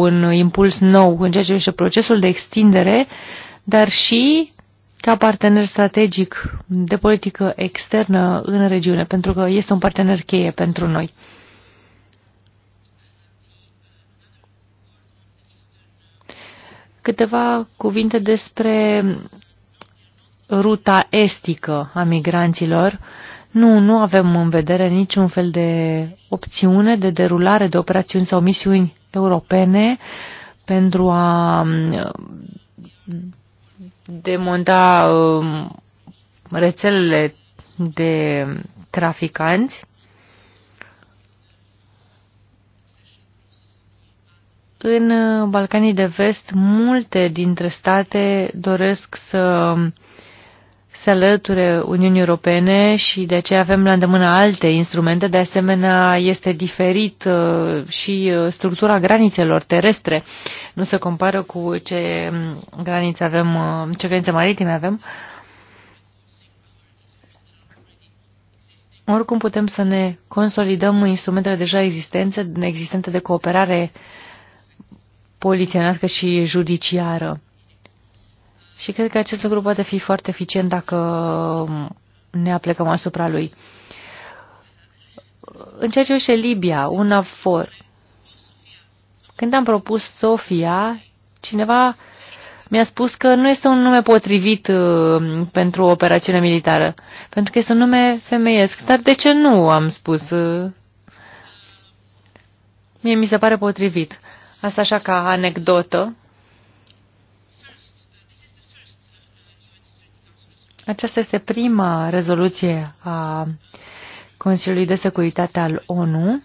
un impuls nou în ceea ce privește procesul de extindere, dar și ca partener strategic de politică externă în regiune, pentru că este un partener cheie pentru noi. Câteva cuvinte despre ruta estică a migranților. Uh, nu, nu avem în vedere niciun fel de opțiune de derulare de operațiuni sau misiuni europene pentru a mm, demonta mm, rețelele de traficanți. În Balcanii de Vest, multe dintre state doresc să uh, se alăture Uniunii Europene și de aceea avem la îndemână alte instrumente. De asemenea, este diferit uh, și uh, structura granițelor terestre. Nu se compară cu ce um, granițe avem, uh, ce granițe maritime avem. Oricum putem să ne consolidăm instrumentele deja existente, existente de cooperare poliționească și judiciară. Și cred că acest lucru poate fi foarte eficient dacă ne aplecăm asupra lui. În ceea ce este Libia, un afor. Când am propus Sofia, cineva mi-a spus că nu este un nume potrivit uh, pentru o operațiune militară, pentru că este un nume femeiesc. Dar de ce nu, am spus. Uh, mie mi se pare potrivit. Asta așa ca anecdotă. Aceasta este prima rezoluție a Consiliului de Securitate al ONU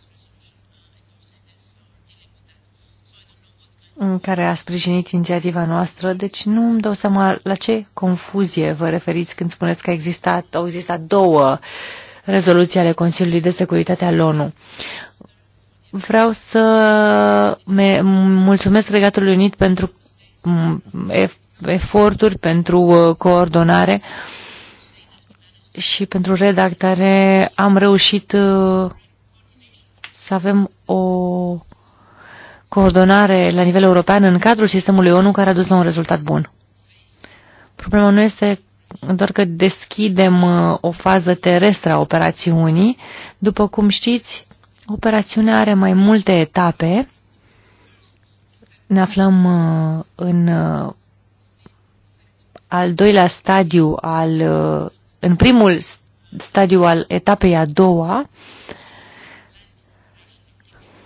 în care a sprijinit inițiativa noastră, deci nu îmi dau seama la ce confuzie vă referiți când spuneți că a existat, au existat două rezoluții ale Consiliului de Securitate al ONU. Vreau să me mulțumesc Regatului Unit pentru eforturi pentru uh, coordonare și pentru redactare am reușit uh, să avem o coordonare la nivel european în cadrul sistemului ONU care a dus la un rezultat bun. Problema nu este doar că deschidem uh, o fază terestră a operațiunii. După cum știți, operațiunea are mai multe etape. Ne aflăm în al doilea stadiu al, uh, în primul stadiu al etapei a doua,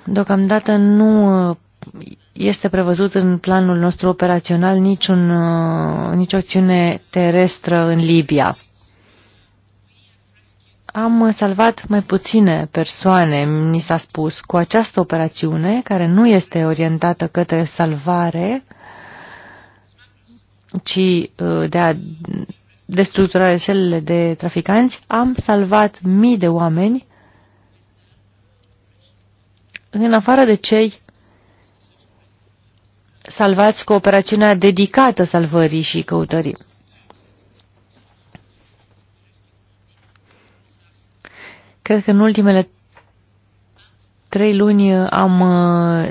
deocamdată nu uh, este prevăzut în planul nostru operațional niciun, uh, nicio acțiune terestră în Libia. Am salvat mai puține persoane, mi s-a spus, cu această operațiune, care nu este orientată către salvare, ci uh, de a destructura rețelele de traficanți, am salvat mii de oameni în afară de cei salvați cu operațiunea dedicată salvării și căutării. Cred că în ultimele trei luni am uh,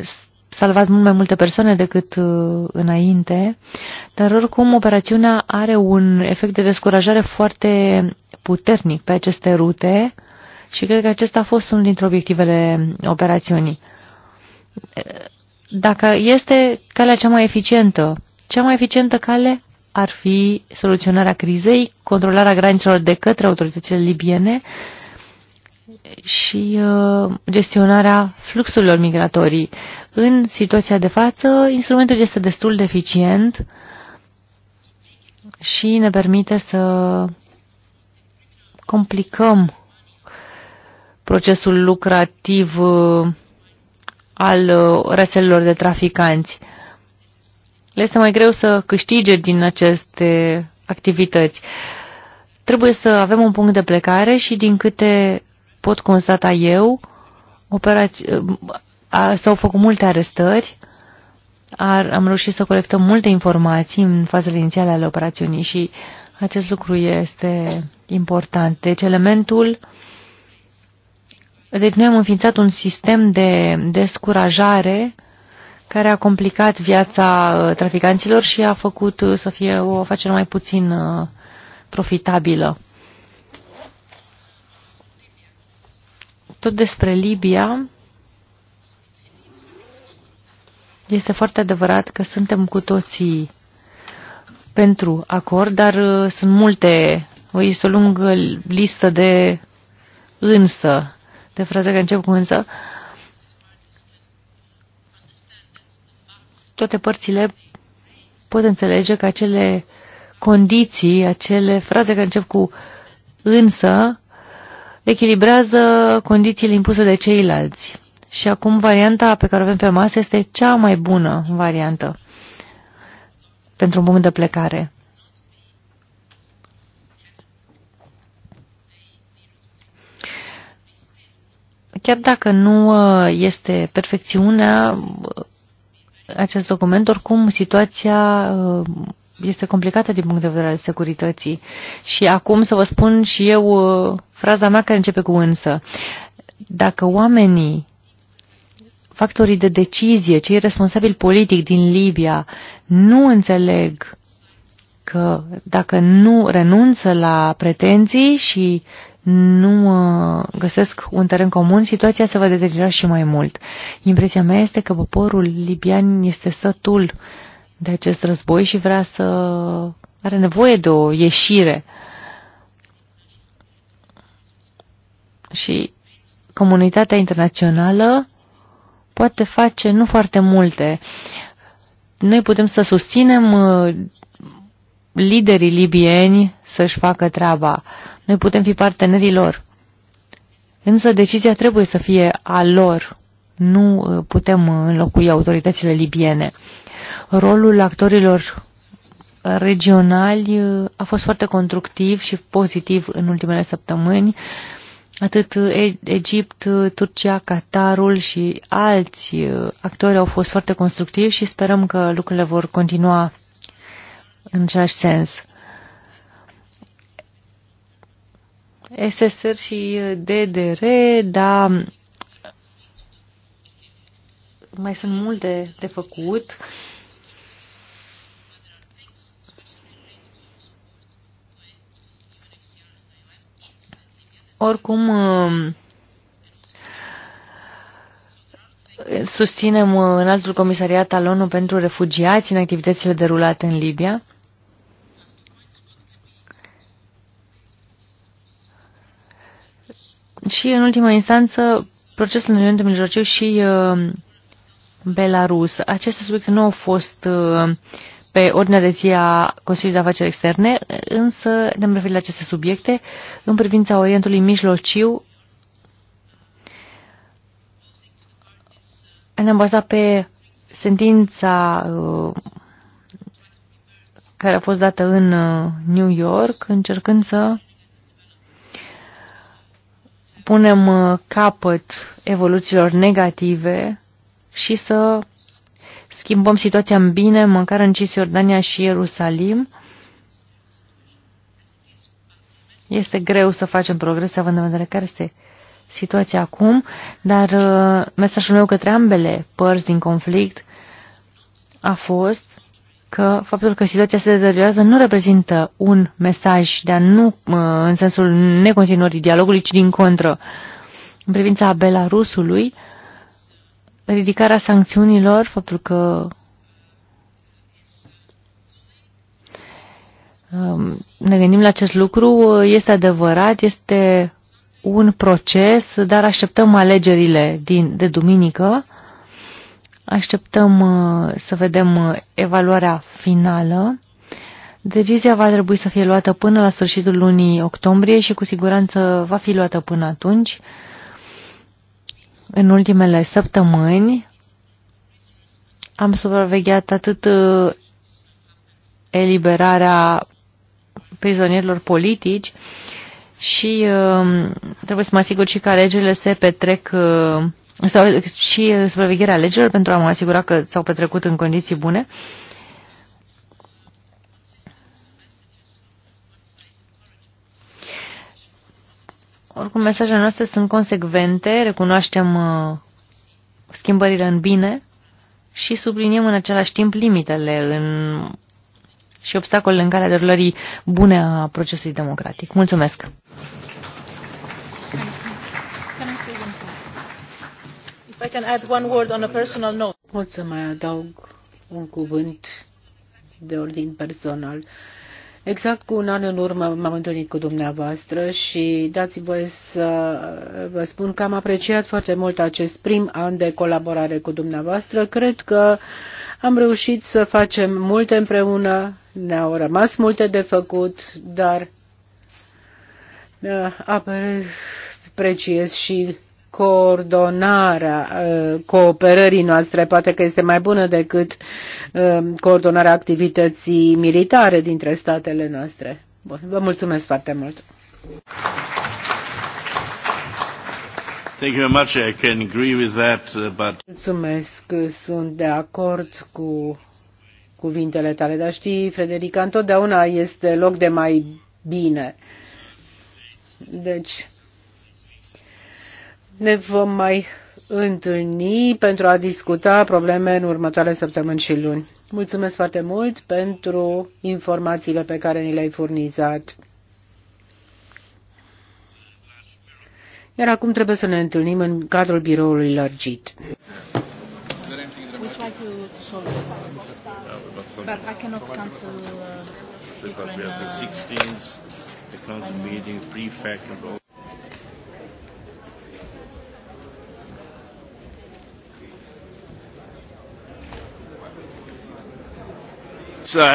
salvat mult mai multe persoane decât uh, înainte, dar oricum operațiunea are un efect de descurajare foarte puternic pe aceste rute și cred că acesta a fost unul dintre obiectivele operațiunii. Dacă este calea cea mai eficientă, cea mai eficientă cale ar fi soluționarea crizei, controlarea granițelor de către autoritățile libiene, și uh, gestionarea fluxurilor migratorii. În situația de față, instrumentul este destul de eficient și ne permite să complicăm procesul lucrativ uh, al uh, rețelelor de traficanți. Le este mai greu să câștige din aceste activități. Trebuie să avem un punct de plecare și din câte pot constata eu, s-au făcut multe arestări, ar, am reușit să colectăm multe informații în fazele inițiale ale operațiunii și acest lucru este important. Deci elementul deci noi am înființat un sistem de descurajare care a complicat viața uh, traficanților și a făcut uh, să fie o afacere mai puțin uh, profitabilă. Tot despre Libia, este foarte adevărat că suntem cu toții pentru acord, dar uh, sunt multe, este o lungă listă de însă, de fraze care încep cu însă. Toate părțile pot înțelege că acele condiții, acele fraze care încep cu însă, echilibrează condițiile impuse de ceilalți. Și acum varianta pe care o avem pe masă este cea mai bună variantă pentru un punct de plecare. Chiar dacă nu uh, este perfecțiunea, uh, acest document, oricum situația uh, este complicată din punct de vedere al securității. Și acum să vă spun și eu uh, fraza mea care începe cu însă. Dacă oamenii, factorii de decizie, cei responsabili politic din Libia, nu înțeleg că dacă nu renunță la pretenții și nu uh, găsesc un teren comun, situația se va deteriora și mai mult. Impresia mea este că poporul libian este sătul uh, de acest război și vrea să are nevoie de o ieșire. Și comunitatea internațională poate face nu foarte multe. Noi putem să susținem uh, liderii libieni să-și facă treaba. Noi putem fi partenerii lor. Însă decizia trebuie să fie a lor. Nu uh, putem uh, înlocui autoritățile libiene rolul actorilor regionali uh, a fost foarte constructiv și pozitiv în ultimele săptămâni. Atât Egipt, uh, Turcia, Qatarul și alți uh, actori au fost foarte constructivi și sperăm că lucrurile vor continua în același sens. SSR și DDR, da, mai sunt multe de făcut. Uh, Oricum, um, susținem uh, în altul comisariat al ONU pentru refugiați în activitățile derulate în Libia. Și, în ultima instanță, procesul în Orientul Mijlociu și uh, Belarus. Aceste subiecte nu au fost uh, pe ordinea de zi a Consiliului de Afaceri Externe, însă ne-am referit la aceste subiecte în privința Orientului Mijlociu. Ne-am bazat pe sentința uh, care a fost dată în uh, New York, încercând să punem uh, capăt evoluțiilor negative și să schimbăm situația în bine, măcar în Cisjordania și Ierusalim. Este greu să facem progres, având în vedere care este situația acum, dar uh, mesajul meu către ambele părți din conflict a fost că faptul că situația se deteriorează nu reprezintă un mesaj, dar nu uh, în sensul necontinuării dialogului, ci din contră. În privința Belarusului, ridicarea sancțiunilor, faptul că um, ne gândim la acest lucru, este adevărat, este un proces, dar așteptăm alegerile din, de duminică, așteptăm uh, să vedem uh, evaluarea finală. Decizia va trebui să fie luată până la sfârșitul lunii octombrie și cu siguranță va fi luată până atunci. În ultimele săptămâni am supravegheat atât uh, eliberarea prizonierilor politici și um, trebuie să mă asigur și că alegerile se petrec uh, sau și supravegherea alegerilor pentru a mă asigura că s-au petrecut în condiții bune. Oricum, mesajele noastre sunt consecvente, recunoaștem uh, schimbările în bine și subliniem în același timp limitele în și obstacolele în calea derulării bune a procesului democratic. Mulțumesc! Pot să mai adaug un cuvânt de ordin personal. Exact cu un an în urmă m-am întâlnit cu dumneavoastră și dați-mi voie să vă spun că am apreciat foarte mult acest prim an de colaborare cu dumneavoastră. Cred că am reușit să facem multe împreună, ne-au rămas multe de făcut, dar uh, apreciez și coordonarea uh, cooperării noastre poate că este mai bună decât uh, coordonarea activității militare dintre statele noastre. Bun, vă mulțumesc foarte mult. Thank you very much. I can agree with that, uh, but... Mulțumesc, sunt de acord cu cuvintele tale, dar știi, Frederica, întotdeauna este loc de mai bine. Deci, ne vom mai întâlni pentru a discuta probleme în următoarele săptămâni și luni. Mulțumesc foarte mult pentru informațiile pe care ni le-ai furnizat. Iar acum trebuie să ne întâlnim în cadrul biroului lărgit. să